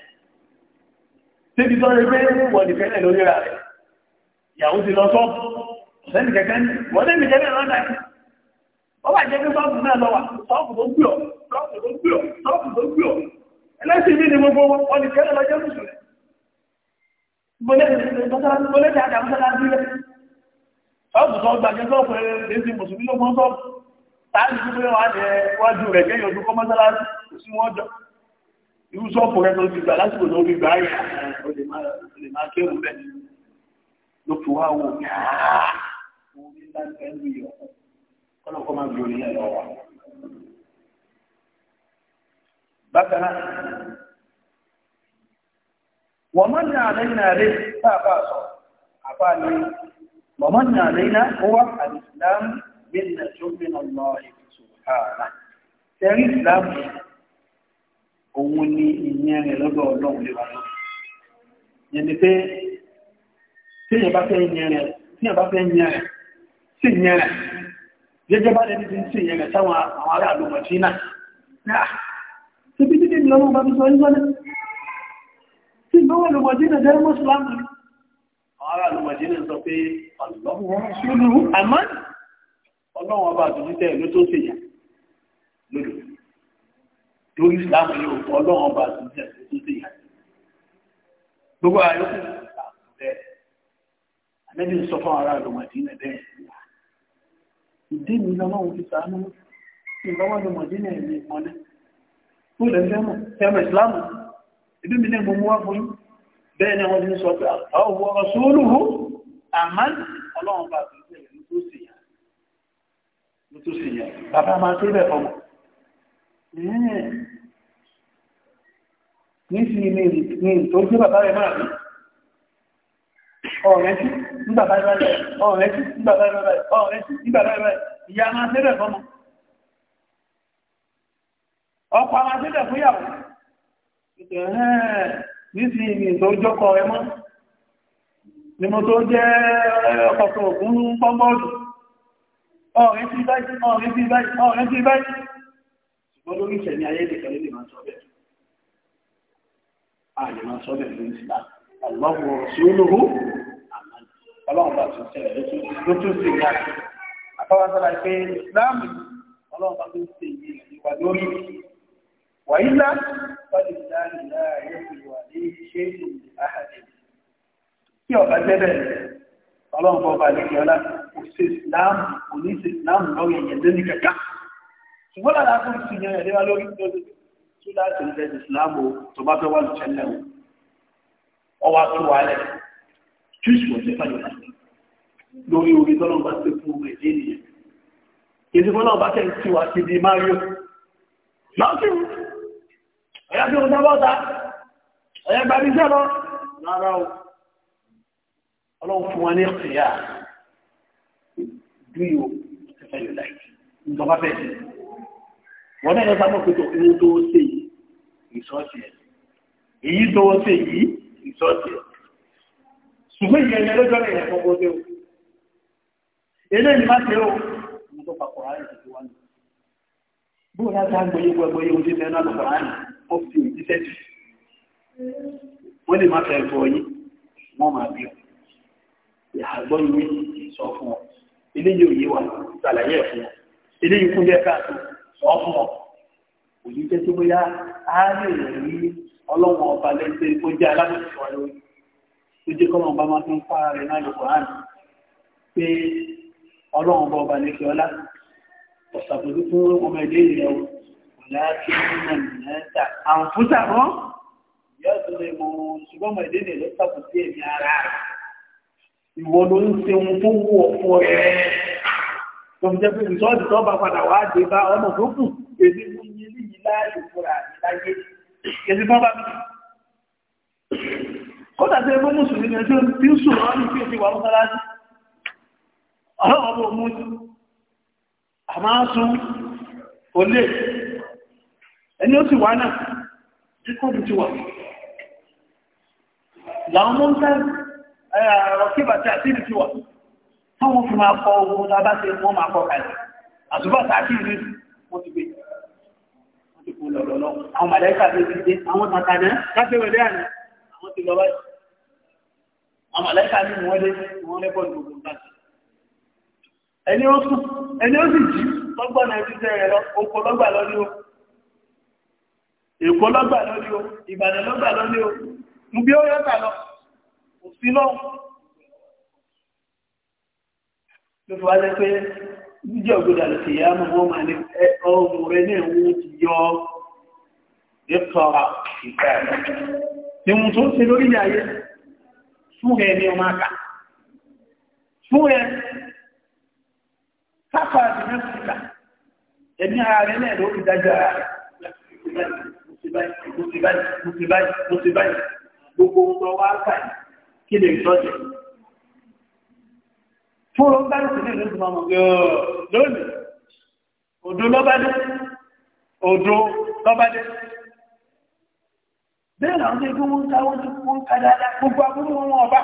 débi tó rẹ pé wọ́n ní kẹ́kẹ́ lórí ra rẹ̀ ìyàwó ti lọ sọ́ọ̀bù ọ̀sẹ́ni kẹ́kẹ́ ní wọ́n ní kẹ́kẹ́ lọ́dà yìí wọ́n bá jẹ́ pé sọ́ọ̀bù náà lọ wà sọ́ọ̀bù tó gbìọ̀ sọ́ọ̀bù tó gbìọ̀ sọ́ọ̀bù tó gbìọ̀ ẹlẹ́sìn mi ni gbogbo wọn ní kẹ́kẹ́ lọ jẹ́ irú sọ́ọ̀pù rẹ̀ tó ti gbà lásìkò tó fi gbà á yà ó lè máa kéwòn bẹ́ẹ̀ ló fi wá wò yáá wọ́n ní láti ẹnu yọ kọ́lọ́kọ́ máa gbòòrò yẹn lọ́wọ́. bákan náà wọ́n máa ń ní àlẹ́yìn náà rẹ̀ tá a bá sọ àbá ní wọ́n máa ń ní àlẹ́yìn náà wá àdìsílámù bí ààrẹ. tẹ́rí òun ni ìyẹn rẹ̀ lọ́dọ̀ ọlọ́run lè wà lọ. yẹn ni pé tíyẹn bá fẹ́ yẹn rẹ̀ tíyẹn bá fẹ́ yẹn rẹ̀ sí yẹn rẹ̀ jẹ́jẹ́ bá lẹ́ni tí ń sí yẹn rẹ̀ sáwọn àwọn ará àlùmọ̀ tí náà. ṣebí dídí ni ọlọ́run bá fi sọ yín lọ́nà. tí ìgbọ́wọ́ àlùmọ̀ tí náà jẹ́ mọ́sùlámù àwọn ará àlùmọ̀ tí náà sọ pé ọlọ́run ọba àtúntẹ̀ ló tó ṣèyà lódò lórí ìsìláàmù yóò fọ ọlọ́run ọba àti ìjẹ́ tó tó tẹ̀yà. gbogbo àyọkù bẹ́ẹ̀ àlẹ́bí ń sọ fún ara àlùmọ̀dé náà bẹ́ẹ̀ ìdí mi lọ́wọ́n fi sàánú ìgbàwọ́ àlùmọ̀dé náà ní ìmọ̀lẹ́ tó lẹ́ fẹ́mọ̀ fẹ́mọ̀ ìsìláàmù ibi mi náà gbogbo wá fún yín bẹ́ẹ̀ ni wọ́n ti ń sọ pé àwọn ọ̀rọ̀ sóòlùhù àmọ́ ọlọ́run ọba tó sì yà nísìnyí ní ìtọ́jú bàbá rẹ̀ máa rí ọ̀rẹ́sí nígbàbá rẹ̀ ọ̀rẹ́sí nígbàbá rẹ̀ ìyá máa tẹ́lẹ̀ fọ́mọ ọkọ̀ máa tẹ́lẹ̀ fún yàwó nísìnyí ní ìtọ́jú ni mo tó jẹ́ ọkọ̀ wọ́n lórí ìṣẹ̀mí ayé nìkan ló lè máa sọ bẹ́ẹ̀. a lè máa sọ bẹ́ẹ̀ lórí ìsìlá ọlọ́run ọ̀rọ̀ sí olóró ọlọ́run bá tún sẹ́yìn ló tún sí ní àti àtọ́wá sára pé ìsìláàmù ọlọ́run bá tún sí ìyẹn ìwà lórí wàyí ńlá wọ́n lè dá ìlà ayé ìwà ní ṣé ìlú àhàdì tí ọba jẹ́ bẹ́ẹ̀ ọlọ́run bọ́ bá lè kí ọlá kò sí ìsìláàmù kò ní sí ìsìláàmù lọ́rọ̀ ìyẹn lónìí kẹ̀kẹ́ ṣùgbọ́n lára fún ti yan ẹ̀rẹ́ wa lórí tó tó láti ní ẹ̀sìn ìsìláàmù tó bá fẹ́ wà ní ṣẹlẹ̀ o ọwọ́ àti wà lẹ̀ júùsì wọ́n ti fàyè lórí orí tọ́lọ́ bá ti fún ọmọ ìdí nìyẹn èsì fọ́lọ́ bá tẹ̀ sí wa ti di mario lọ́sìn ọ̀yá tí wọ́n dábọ́ ta ọ̀yá gbàgbé iṣẹ́ lọ rárá o ọlọ́run fún wa ní ìyá dúyò ẹ̀fẹ́ yóò láì ìjọba bẹ́ẹ̀ wọn náà lọ́sàmọ́ pé tó owó tó ṣe yìí ìṣọ́ọ̀ṣì èyí tó ṣe yìí ìṣọ́ọ̀ṣì ẹ̀ ìyẹn ẹ̀yẹ lọ́jọ́ rẹ̀ yẹn dé o eléyìí má ṣe o mo tó papọ̀ ara rẹ̀ tó wà bó o láti àgbẹ̀yẹ gbẹgbẹ̀yẹ ojú mẹ́rin náà lọ́kọ̀ láàrín ó fi òjíṣẹ́ jù wọ́n lè má fẹ́ ẹ̀fọ́ yìí wọ́n máa bí ọ ìhàgbọ́ ìwé sọ fún ọ eléyìí òye wà ṣàlàyé ẹ̀ fún ọ eléyìí kúndẹ́ káàtó ọmọ òní jẹ́ tó bóyá á lè rí ọlọ́wọ́n ọba lẹ́sẹ̀ tó jẹ́ alábòsí wa lórí tó jẹ́ kọ́mọ ọba máa tún fara rẹ̀ náà lọ́kọ̀ hàn pé ọlọ́wọ́n ọba ọba lẹ́sẹ̀ ọlá ọ̀sàbòdú fún ọmọ ilé ìrẹ̀ o kò láti nínú ìrìnàta àǹfúsà wọn yóò tó lè mọ ṣùgbọ́n ọmọ ilé ìrẹ̀ lọ́sàbòdú ẹ̀mí ara ìwọ ló ń ṣe ohun tó wù ọ́ fún ẹ tọ́mùjẹ́ pé rìsọ́ọ̀tì tó bá padà wá dé bá ọmọ tó kù èdè mú yí lè yí fúra láyé èdè mọ́ bá mi. kódà tí ẹgbẹ́ mùsùlùmí ni ẹjọ́ tí ń sùn lọ́wọ́ ní kí èdè wà ọlọ́wọ́ mú a máa sún lè ẹni ó sì wá náà tí kò wà ń wà táwọn fi máa kọ ogun tó bá ṣe wọ́n máa kọ kalẹ̀ àtúbọ̀ tààkì rí wọ́n ti gbé wọ́n ti kú lọ́lọ́lọ́ àwọn màlẹ́kà tó ti dé àwọn tàtàná láti wẹ̀lẹ́ àná àwọn ti lọ báyìí àwọn màlẹ́kà ní wọ́n lé wọ́n lé bọ́ọ̀lù ogun láti ẹni ó sùn ẹni ó sì jí lọ́gbà náà ti tẹ̀rẹ̀ lọ oko lọ́gbà lọ́lé o èkó lọ́gbà lọ́lé o ìbàdàn lọ́gbà lọ́lé o mú bí ó yọ́ta lọ òsínlọ́hùn ló fi wá jẹ́ pé jíjẹ́ ògbódà ló ti yá mọ́ wọ́n máa ní ọmọ rẹ ní ẹ̀wọ̀n ti yọ ẹ̀kọ́ ìgbà ìwọ̀n tó ń ṣe lórí ilẹ̀ ayé fún ẹ ní ọmọ àkà fún ẹ káfà àti mẹ́sìkà ẹ̀mí ara rẹ náà ló fi dájọ́ ara rẹ̀ mo ti báyìí mo ti báyìí mo ti báyìí gbogbo ohun tó wá kà kí lè tọ́jú fún bá lùsì ní ìlú mọ̀mọ̀ lónìí òdó lọ́bádé òdó lọ́bádé bẹ́ẹ̀ làwọn tó ikú wọn táwọn tó wọn ká gbogbo agbóhùn wọn ọba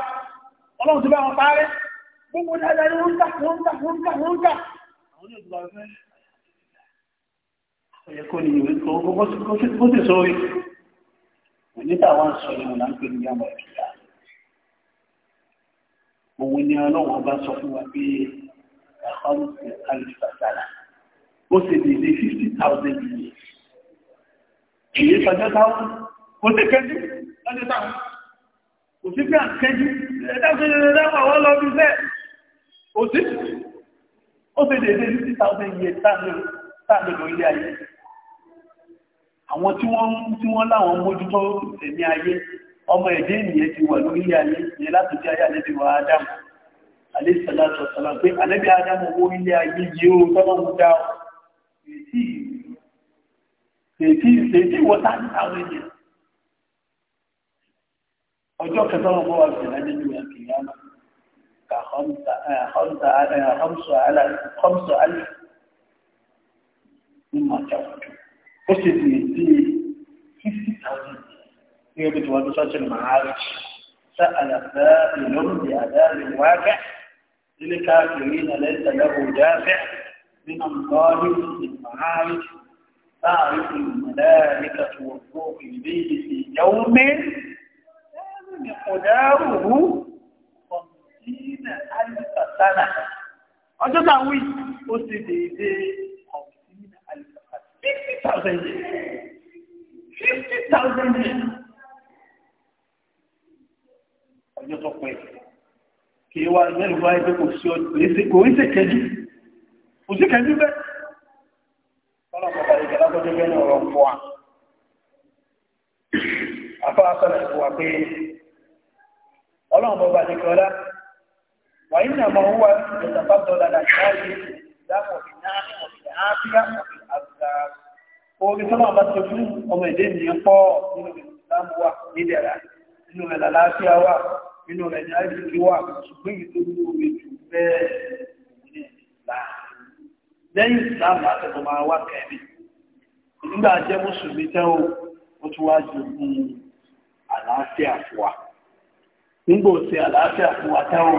ọlọ́run tó bá wọn parẹ́ gbogbo dáadáa ni wọ́n ń wọ́n ń wọ́n ń wọ́n ń àwọn yóò gbà fẹ́ ọ̀yẹ́ ìwé kó òun ni ọlọ́wọ́n bá sọ fún wa pé ẹ̀kọ́lùsẹ̀ alifasala ó ṣe dèdè fifty thousand years èyí sọjọ́ táwọn kò sí kẹjú lọ́jọ́ táwọn kò sí pé àkẹjú ẹ̀dáfẹ́lẹ́dá àwọn lọ́dún bẹ́ẹ̀ ó sí ó ṣe dèdè fifty thousand years táàmì lọ ilé ayé àwọn tí wọ́n láwọn mójútó ẹ̀mí ayé ọmọ èdè ènìyàn ti wà lórí ayé yẹn láti jẹ́ ayé àlẹ́bí wa ádámù alẹ́sàlátọ̀ sọ́lá pé àlẹ́bí ádámù owó ilé ayé yìí ó tọ́lọ́ mú dá ọ ètí ìwọ́ta ní àwọn ènìyàn ọjọ́ kẹta ọmọ wa fi láyé ní ìwà kìíyàmù ka hamsa alif ní màjá ọdún ó ṣe ti èdè 50,000 هي بتوضع صوت المعارج سأل سائل بأداء واقع للكافرين ليس له دافع من الله في المعارج تعرف الملائكة والروح إليه في يوم كان مقداره خمسين ألف سنة ọjọ́ tá a wí ó ti dèédé ọ̀sìn àlùfáà fifty thousand years fifty thousand years ọjọ́ tó pẹ́ kì í wá mẹ́lú wáyé pé kò sí ọjọ́ kò ń sì kẹjú kò sí kẹjú bẹ́ẹ̀ ọlọ́pàá bá ìjọba gbọ́dọ̀ bẹ́ẹ̀ ní ọ̀rọ̀ fún wa afárá sọ̀rọ̀ ìfún wa pé ọlọ́run bá ìjọba ọlá wà ní àmọ́ owó wa ìjọba dọ́là láti ráyè ìdáàbò ìnáà ìmọ̀sílẹ̀ áfíà àgbà orí sọ́nà àbáṣe fún inú rẹ̀ làlàáfíà wà inú rẹ̀ ní àìsíkí wà ṣùgbọ́n èyí tó wúwo rẹ̀ jù bẹ́ẹ̀ ní ìsìláà lẹ́yìn ìsìláà látọ̀tọ̀ máa wà kẹ́mí nígbà jẹ́ mùsùlùmí tẹ́ o ó tún wá jogún àlàáfíà fún wa nígbà tí àlàáfíà fún wa tẹ́ o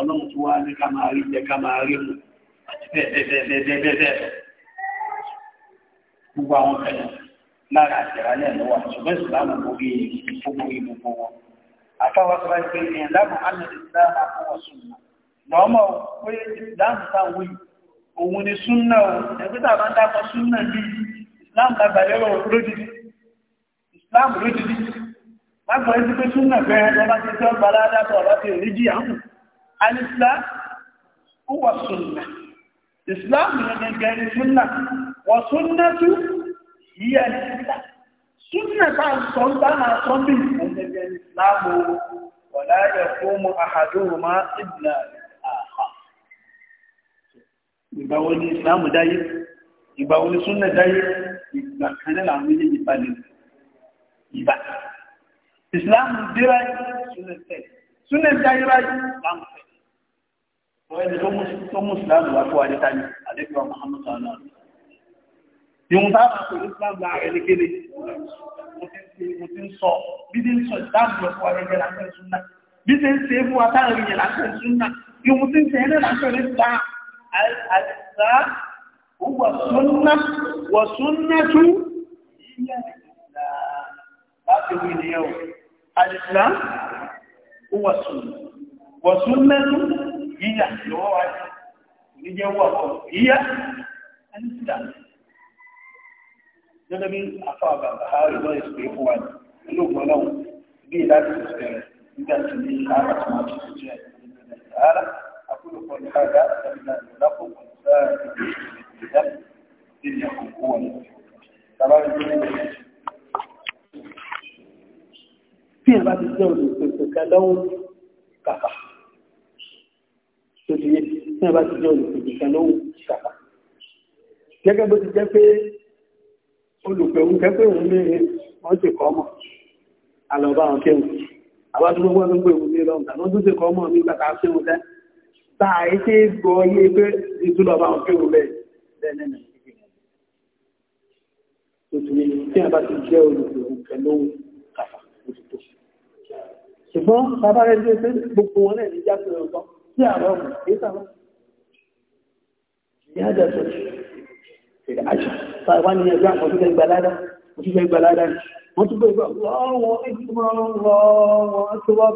ọlọ́run tún wá ní ká máa rí jẹ ká máa rí mu àti bẹ́ẹ̀ bẹ́ẹ̀ bẹ́ẹ̀ bẹ́ẹ̀ bẹ́ẹ̀ gbogbo àwọn kẹ́yìn lára àjẹrà náà ló wà ṣùgbọ́n ìsìláàmù borí gbogbo gbogbo wọn àfáwọn sọ pé ìyẹ̀láàmù alẹ́ ìsìláàmù àkọwọ́ súnmọ́ lọ́mọ pé ìsìláàmù táwọn yìí òun ni súnmọ́ o ẹgbẹ́ tá a bá ń dákọ súnmọ́ ní ìsìláàmù lágbàlẹ́rọ̀ lódìdí ìsìláàmù lódìdí lágbà ẹni pé súnmọ́ bẹ́ẹ̀ lọ́ba yíyá ní síta súnà tá à ń sọ ń bá máa sọ bí ẹgbẹ́ ìsìláàmù wọ̀lá ẹ̀kọ́ mu àhàdóhùn máa ìdìnnà àhà ìgbà wo ni ìsìláàmù dáyé ìgbà wo ni súnà dáyé ìgbà kan náà làwọn méjèèjì balẹ̀ ìgbà ìsìláàmù dé báyìí tó mú ìsìláàmù wá fún adétáyé adébíwá muhammadu aláàlú ìhun táàbà pè ní islam láàrẹ ní kéde mo ti ń sọ bí ti ń sọ ìdáàbò lọ fún ẹgbẹ́ lápẹ́ ìsúná bí ti ń ṣe fún wa táàrí yẹn lápẹ́ ìsúná ìhun ti ń ṣe ẹlẹ́ lápẹ́ ní ìta àìsà wà súnná wà súnná tú yíyá láti wí ni ẹ o àìsà wà súnná wà súnná tú yíyá lọ́wọ́ wa ní wà kọ̀ yíyá àìsà. gẹ́gẹ́ bí afáàbà àhárí lọ́ọ̀ èsì pé fún wa ní olóògùn ọlọ́run bí ìdájọ́ ti bẹ̀rẹ̀ nígbà tí ní ara tó máa tó jẹ́ ara àkúlùkọ ní ara ẹ̀dá ìlọ́pọ̀ pọ̀ sáà ìdílé ìdílé àkókò wọn. Tàbárí tó ní bẹ̀rẹ̀. Bí ẹ bá ti jẹ́ olùpèsè kan lọ́wọ́ kàkà. Tó ti yé, bí ẹ bá ti jẹ́ olùpèsè kan lọ́wọ́ kàkà. Gẹ́gẹ́ bó ti jẹ́ pé olùpẹ̀wù kẹ́pẹ́ òun ní wọ́n ti kọ́ mọ̀ alọ́bá wọn kéwù àbájúgbó wọ́n tó gbèwù ní lọ́nà wọ́n tó ti kọ́ mọ̀ ní gbàtà kéwù tẹ́ táà ẹ́kẹ́ gbọ́ yé pé ìtúlọ́bá wọn kéwù bẹ́ẹ̀ bẹ́ẹ̀ nẹ́nà tí a bá ti jẹ́ olùgbòhùn pẹ̀lú kàfà òtútù. ṣùgbọ́n bàbá rẹ̀ ní ẹgbẹ́ gbogbo wọn lẹ́ni jápẹ̀ ọ̀tọ́ sí àwọn àṣà wá ní ẹgbẹ́ àwọn òṣìṣẹ́ ìgbàládá òṣìṣẹ́ ìgbàládá wọ́n tún bẹ̀rẹ̀ lọ́wọ́ ìgbìmọ̀ lọ́wọ́ tó wá ṣùgbọ́n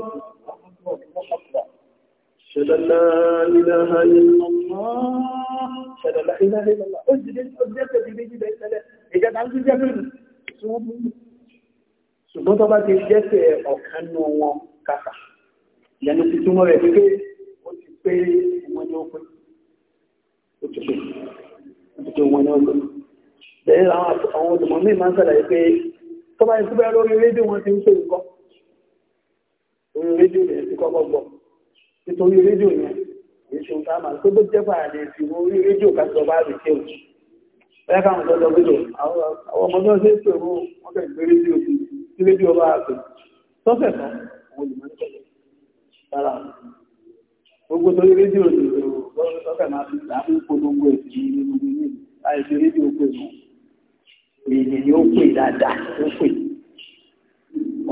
tó bá ti jẹ́sẹ̀ ọ̀kanú wọn kàkà ìyẹnu ti túnmọ̀ rẹ̀ pé ó ti pé wọn ni ó pé ó ti pé ìdíje wọn ní ọlọ́ bẹ́ẹ̀ àwọn olùmọ̀ míì máa ń sàlàyé pé tó bá ikú bẹ́ẹ̀ lórí rédíò wọn ti ń ṣe nǹkan orí rédíò yẹn ti kọ́kọ́ gbọ́ nítorí rédíò yẹn èyí ṣe ń ta máa tó bó jẹ́ fà lè fi orí rédíò ká sọ bá rí ṣe òjì bẹ́ẹ̀ káwọn tó lọ rédíò àwọn ọmọ náà ṣe pé òun wọn kẹ́ gbé rédíò sí rédíò bá pè tọ́sẹ̀ tán àwọn olùmọ̀ nípa gbogbo torí rédíò ní lọ́fẹ̀ máa fi láàmú polongo èsì nínú nínú láìsí rédíò pè mọ́ èyí ni ó pè dáadáa ó pè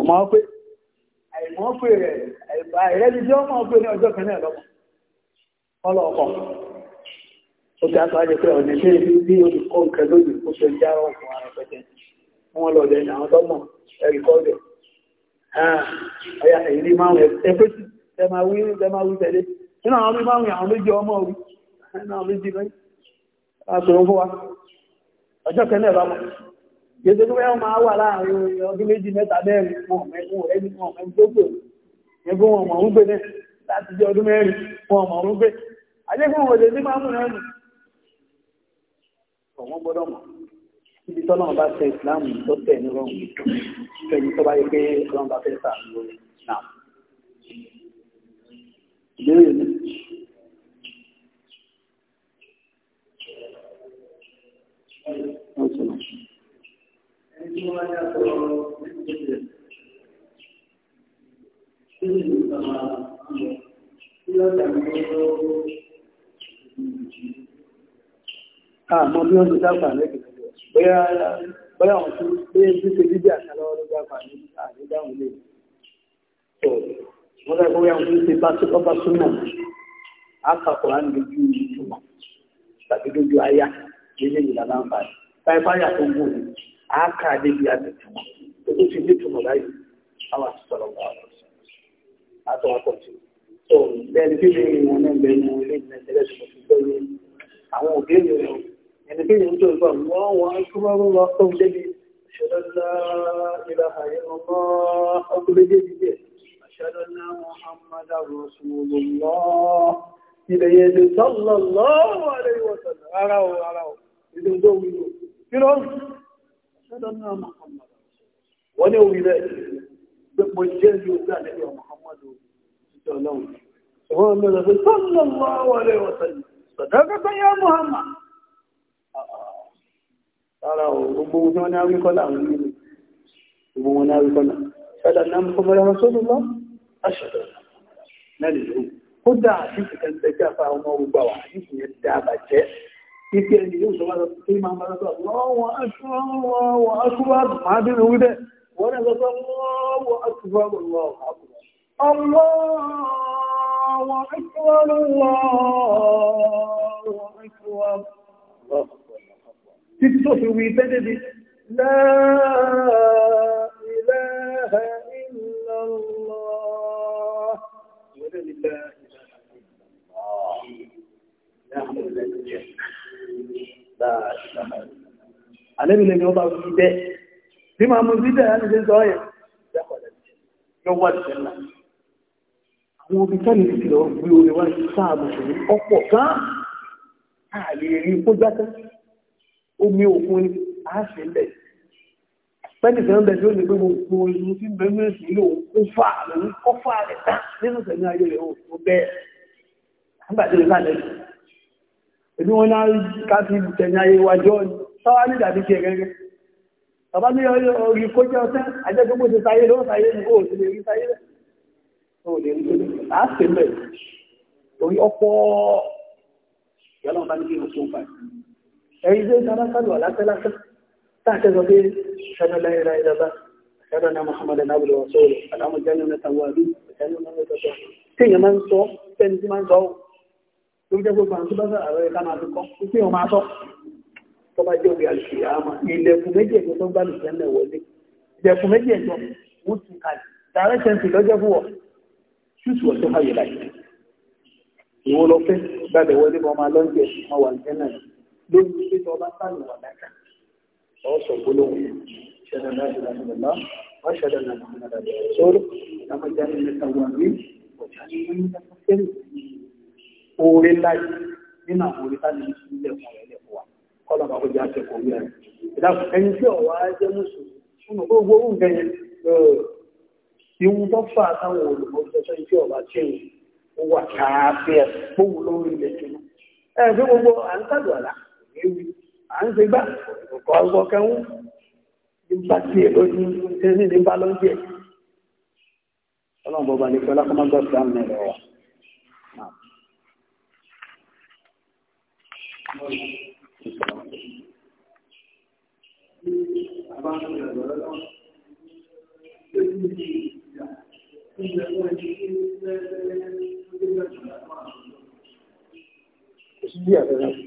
ọmọ pé àìmọ́ pè rẹ̀ àìrẹ́ni tí ọmọ pè ní ọjọ́ kan náà lọ́pọ̀ ọlọ́ọ̀kọ̀ ó ti àtọ́ ajẹ́ pé ọ̀nà tí èyí bí olùkọ́ nǹkan lónìí ó ṣe já ọkùn ara pẹ̀tẹ́ wọn lọ lẹ́yìn àwọn tọ́mọ̀ ẹ̀rí kọ́ọ̀dẹ̀ ọ̀yà èyí máa ń ẹgbẹ́ sí tẹ máa wí tẹ máa wí tẹ́lẹ̀ nínú àwọn ọmọ ìbáwọn àwọn méjì ọmọ orí nínú àwọn méjì lẹ́yìn àṣòro fún wa ọjọ́ kẹ́lẹ̀ bá wọn yẹtẹ tó bẹ́ẹ̀ máa wà láàrin ọdún méjì mẹ́ta mẹ́rin wọn mẹ́rin ẹni wọn mẹ́rin tó gbè ẹgbẹ́ wọn mọ̀ ń gbé náà láti jẹ́ ọdún mẹ́rin wọn mọ̀ ń gbé ajẹ́gbọ́n wọn lè ní máa mú náà nù ọ̀wọ́n gbọ́dọ̀ mọ̀ níbi tọ́nà ọba ṣe ìsìláàmù tó tẹ̀ nírọ̀rùn pẹ̀lú tó bá yẹ pé ọlọ́run bá fẹ́ sàánú lórí náà ìbéèrè méjì Àmọ́ bí wọ́n ti dápà lẹ́gbẹ̀ẹ́ bóyá bóyá bí i ṣe bí bí àṣà lọ́wọ́ ló dápà ní àrídáhùn lè tọ̀rọ̀ wọ́n lẹ́gbẹ́ wọ́n ń ṣe bá tó bá súnmọ̀ àkàkọ̀rá ní ojú ìtumọ̀ tàbí lójú aya nílé ìlànà àǹfààní báyìí báyà tó gbò ní àáká níbi àtẹ̀tùmọ̀ tó tó fi nítumọ̀ láyé àwọn àtúntọ̀rọ̀ wà látọ̀ àkọ́tì tó bẹ́ẹ̀ni kí ni wọn náà bẹ́ẹ̀ ní ilé ìlẹ́sẹ̀lẹ̀ tó fi gbọ́ yé àwọn òbí ènìyàn ẹni kí وأشهد أن محمدا رسول الله إذا يجي صلى الله عليه وسلم أراه أراه إذا دومي كلهم أشهد أن محمدا وأنا ولاك بمجال يوزان يا محمد صلى الله عليه وسلم صدقة يا محمد أراه أبو ثمانية ويقول أعلم أبو ثمانية ويقول أشهد أن محمدا رسول الله أشهد náà lè lò kódà àṣìṣe kan tẹ́jọ́ àfa ọmọ ọgbà wà àṣìṣe yẹn dá bàjẹ́ títí ẹni yóò sọ wá lọ sí máa ń bá lọ́sọ̀ lọ́wọ́ aṣọ́wọ́ aṣọ́wọ́ máa bí wí bẹ́ẹ̀ wọ́n náà sọ lọ́wọ́ aṣọ́wọ́ lọ́wọ́ ọlọ́wọ́ aṣọ́wọ́ lọ́wọ́ aṣọ́wọ́ títí tó fi wí tẹ́lẹ̀ bí láàá لا إله إلا لا إله إلا الله àlẹ́bí lè ní ọba òní bẹ́ bí máa mú sí bẹ́ẹ̀ láti ṣe sọ ọ̀yẹ̀ yọwọ́ ìṣẹ́ ńlá àwọn obì tẹ́lẹ̀ ti fi lọ gbé orí wá sí ọ̀pọ̀ kan àlè rí omi òkun ni a ṣe lẹ̀ pẹ́ẹ́nì kan bẹ̀ ló lè pé gbogbo ìlú tí bẹ́ẹ̀ mẹ́sì ló kó fà lórí kó fà rẹ̀ tán nínú sẹ̀mí ayé rẹ̀ ó bẹ́ẹ̀ nígbà tí ó sálẹ̀ jù èmi wọn náà ká fi tẹ̀yìn ayé wa jọ ni sáwá ní ìdàbí ti ẹ̀gẹ́gẹ́ bàbá mi orí kó jẹ́ ọ̀sẹ́ ajẹ́ gbogbo ti sáyé ló sáyé ni ó sì lè rí sáyé rẹ̀ ó lè rí sáyé rẹ̀ á sì mẹ́ torí ọ̀pọ̀ ìyálọ́ba ní kí n kó fà ẹ̀yin tó ń sábà sálùwà lásẹ́lásẹ́ تحت ذكي أشهد لا إله إلا الله أشهد أن محمدا عبده ورسوله اللهم اجعلنا توابين واجعلنا متطهرين téèyàn máa ń sọ fẹ́ni tí máa ń sọ ọ́ ló jẹ́ gbogbo àwọn tó bá sọ ààrẹ ká máa fi kọ́ wípé wọn máa sọ tó bá jẹ́ òbí àlùfẹ́ àmà ilẹ̀kùn méjì ẹ̀jọ́ tó ń bá lùfẹ́ náà wọlé ilẹ̀kùn méjì ẹ̀jọ́ wọ́n ti kalẹ̀ tààrẹ́ sẹ́ǹtì lọ́jọ́ fún wọ̀ ṣùṣù ọ̀tọ́ fàyè láì ọ̀sọ̀ gbólóhùn ṣẹlẹ̀ láti láti lọ́lá wá ṣẹlẹ̀ láti lọ́lá sọ́rọ̀ lápẹjá ní mẹ́ta wà ní ọjà ní mẹ́tàkọ́sẹ́rì oore láì nínú àwọn orí tánì ní ilé ẹ̀kọ́ rẹ̀ lẹ́kọ̀ọ́ wa kọ́lá bá kọjá akẹ́kọ̀ọ́ rí rẹ̀ ìdáàbò ẹni tí ọ̀wá jẹ́ mùsùlùmí gbogbo oúnjẹ yẹn ìwọ̀n tó fà táwọn olùkọ́ sọ́sọ́ iṣẹ́ ọ̀bá tí ó wà káàfẹ́ gbówó lórí ilẹ̀ jùlọ ẹ̀ẹ́dẹ́gbogbo à ń tàdù àlà èyí à ń ṣe gbá ọgbọ́ kẹwọ́n nígbà tí èlò ní tẹ́sí ní bá ló jẹ́ ọlọ́run bọba ní pẹ́lá kọ́mọ́ gbọ́dọ̀ dáhùn náà lọ́wọ́ Ìṣúdí àtẹ́lẹ́sì.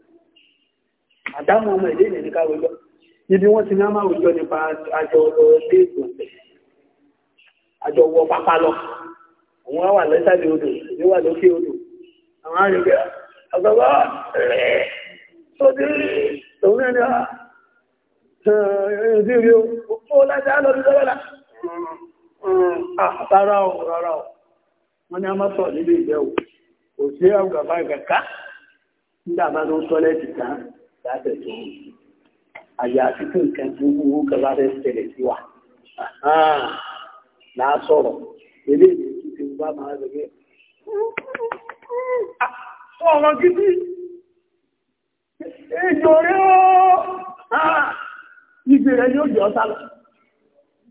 àdámọ̀ ọmọ ìdí ìrìn ká rojọ́ wọ́n ti náà máa nípa àjọ ilé ìgbọ̀nsẹ̀ lọ wà lẹ́sàlẹ̀ odò ní wà lókè odò àwọn arìnrìn àgbàgbà rẹ̀ tó dé tòun rí o láti lọ́wọ́lá ah, rárá wọ́n a máa sọ nílé lábẹ́ tó ń àyà àtúntò nǹkan tó wúwo kan lábẹ́ ṣẹlẹ̀ sí wa láà sọ̀rọ̀ eléyìí tó ti ń bá máa rẹ̀ gẹ́ ah, ọ̀rọ̀ gidi ah, ìjòrí ó ìgbè rẹ̀ yóò jọ sálọ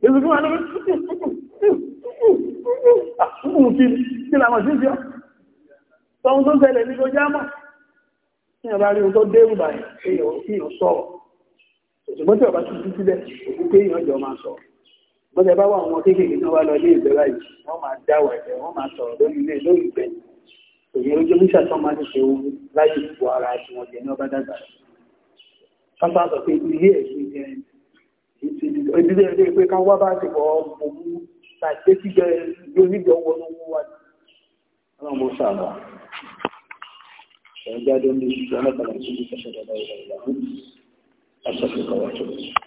ìrùkú wọn lórí kí ni kí làwọn sí sí ọ tọ́hun tó ṣẹlẹ̀ ní kó já mọ́ ní ọba rí ohun tó dérù báyìí èèyàn sọ̀rọ̀ ṣùgbọ́n tí ọba tuntun síbẹ̀ òkú pé èèyàn jọ máa sọ̀rọ̀ wọ́n tẹ bá wà wọn kéékèèké náà wá lọ ilé ìgbẹ́ra yìí wọ́n máa dá wà ẹ̀fẹ́ wọ́n máa sọ̀rọ̀ lórí ilé lórí ìgbẹ́ èyí ojú oníṣà tó máa ń ṣe ohun láyé ìpò ara àti wọn jẹ ní ọba dàgbà pápá sọ pé ilé ẹ̀sìn jẹ ìdílé ilé pé ká wá bá ti bọ̀ ọmọ mú tàbí síbẹ̀ onígbọ̀wọ́ ló mú wa. ọlọ́run mo sàlọ́ Şehzade Ömrü'nün sonuna kadar şimdi taşıda da ilerleyelim. Asafirka ve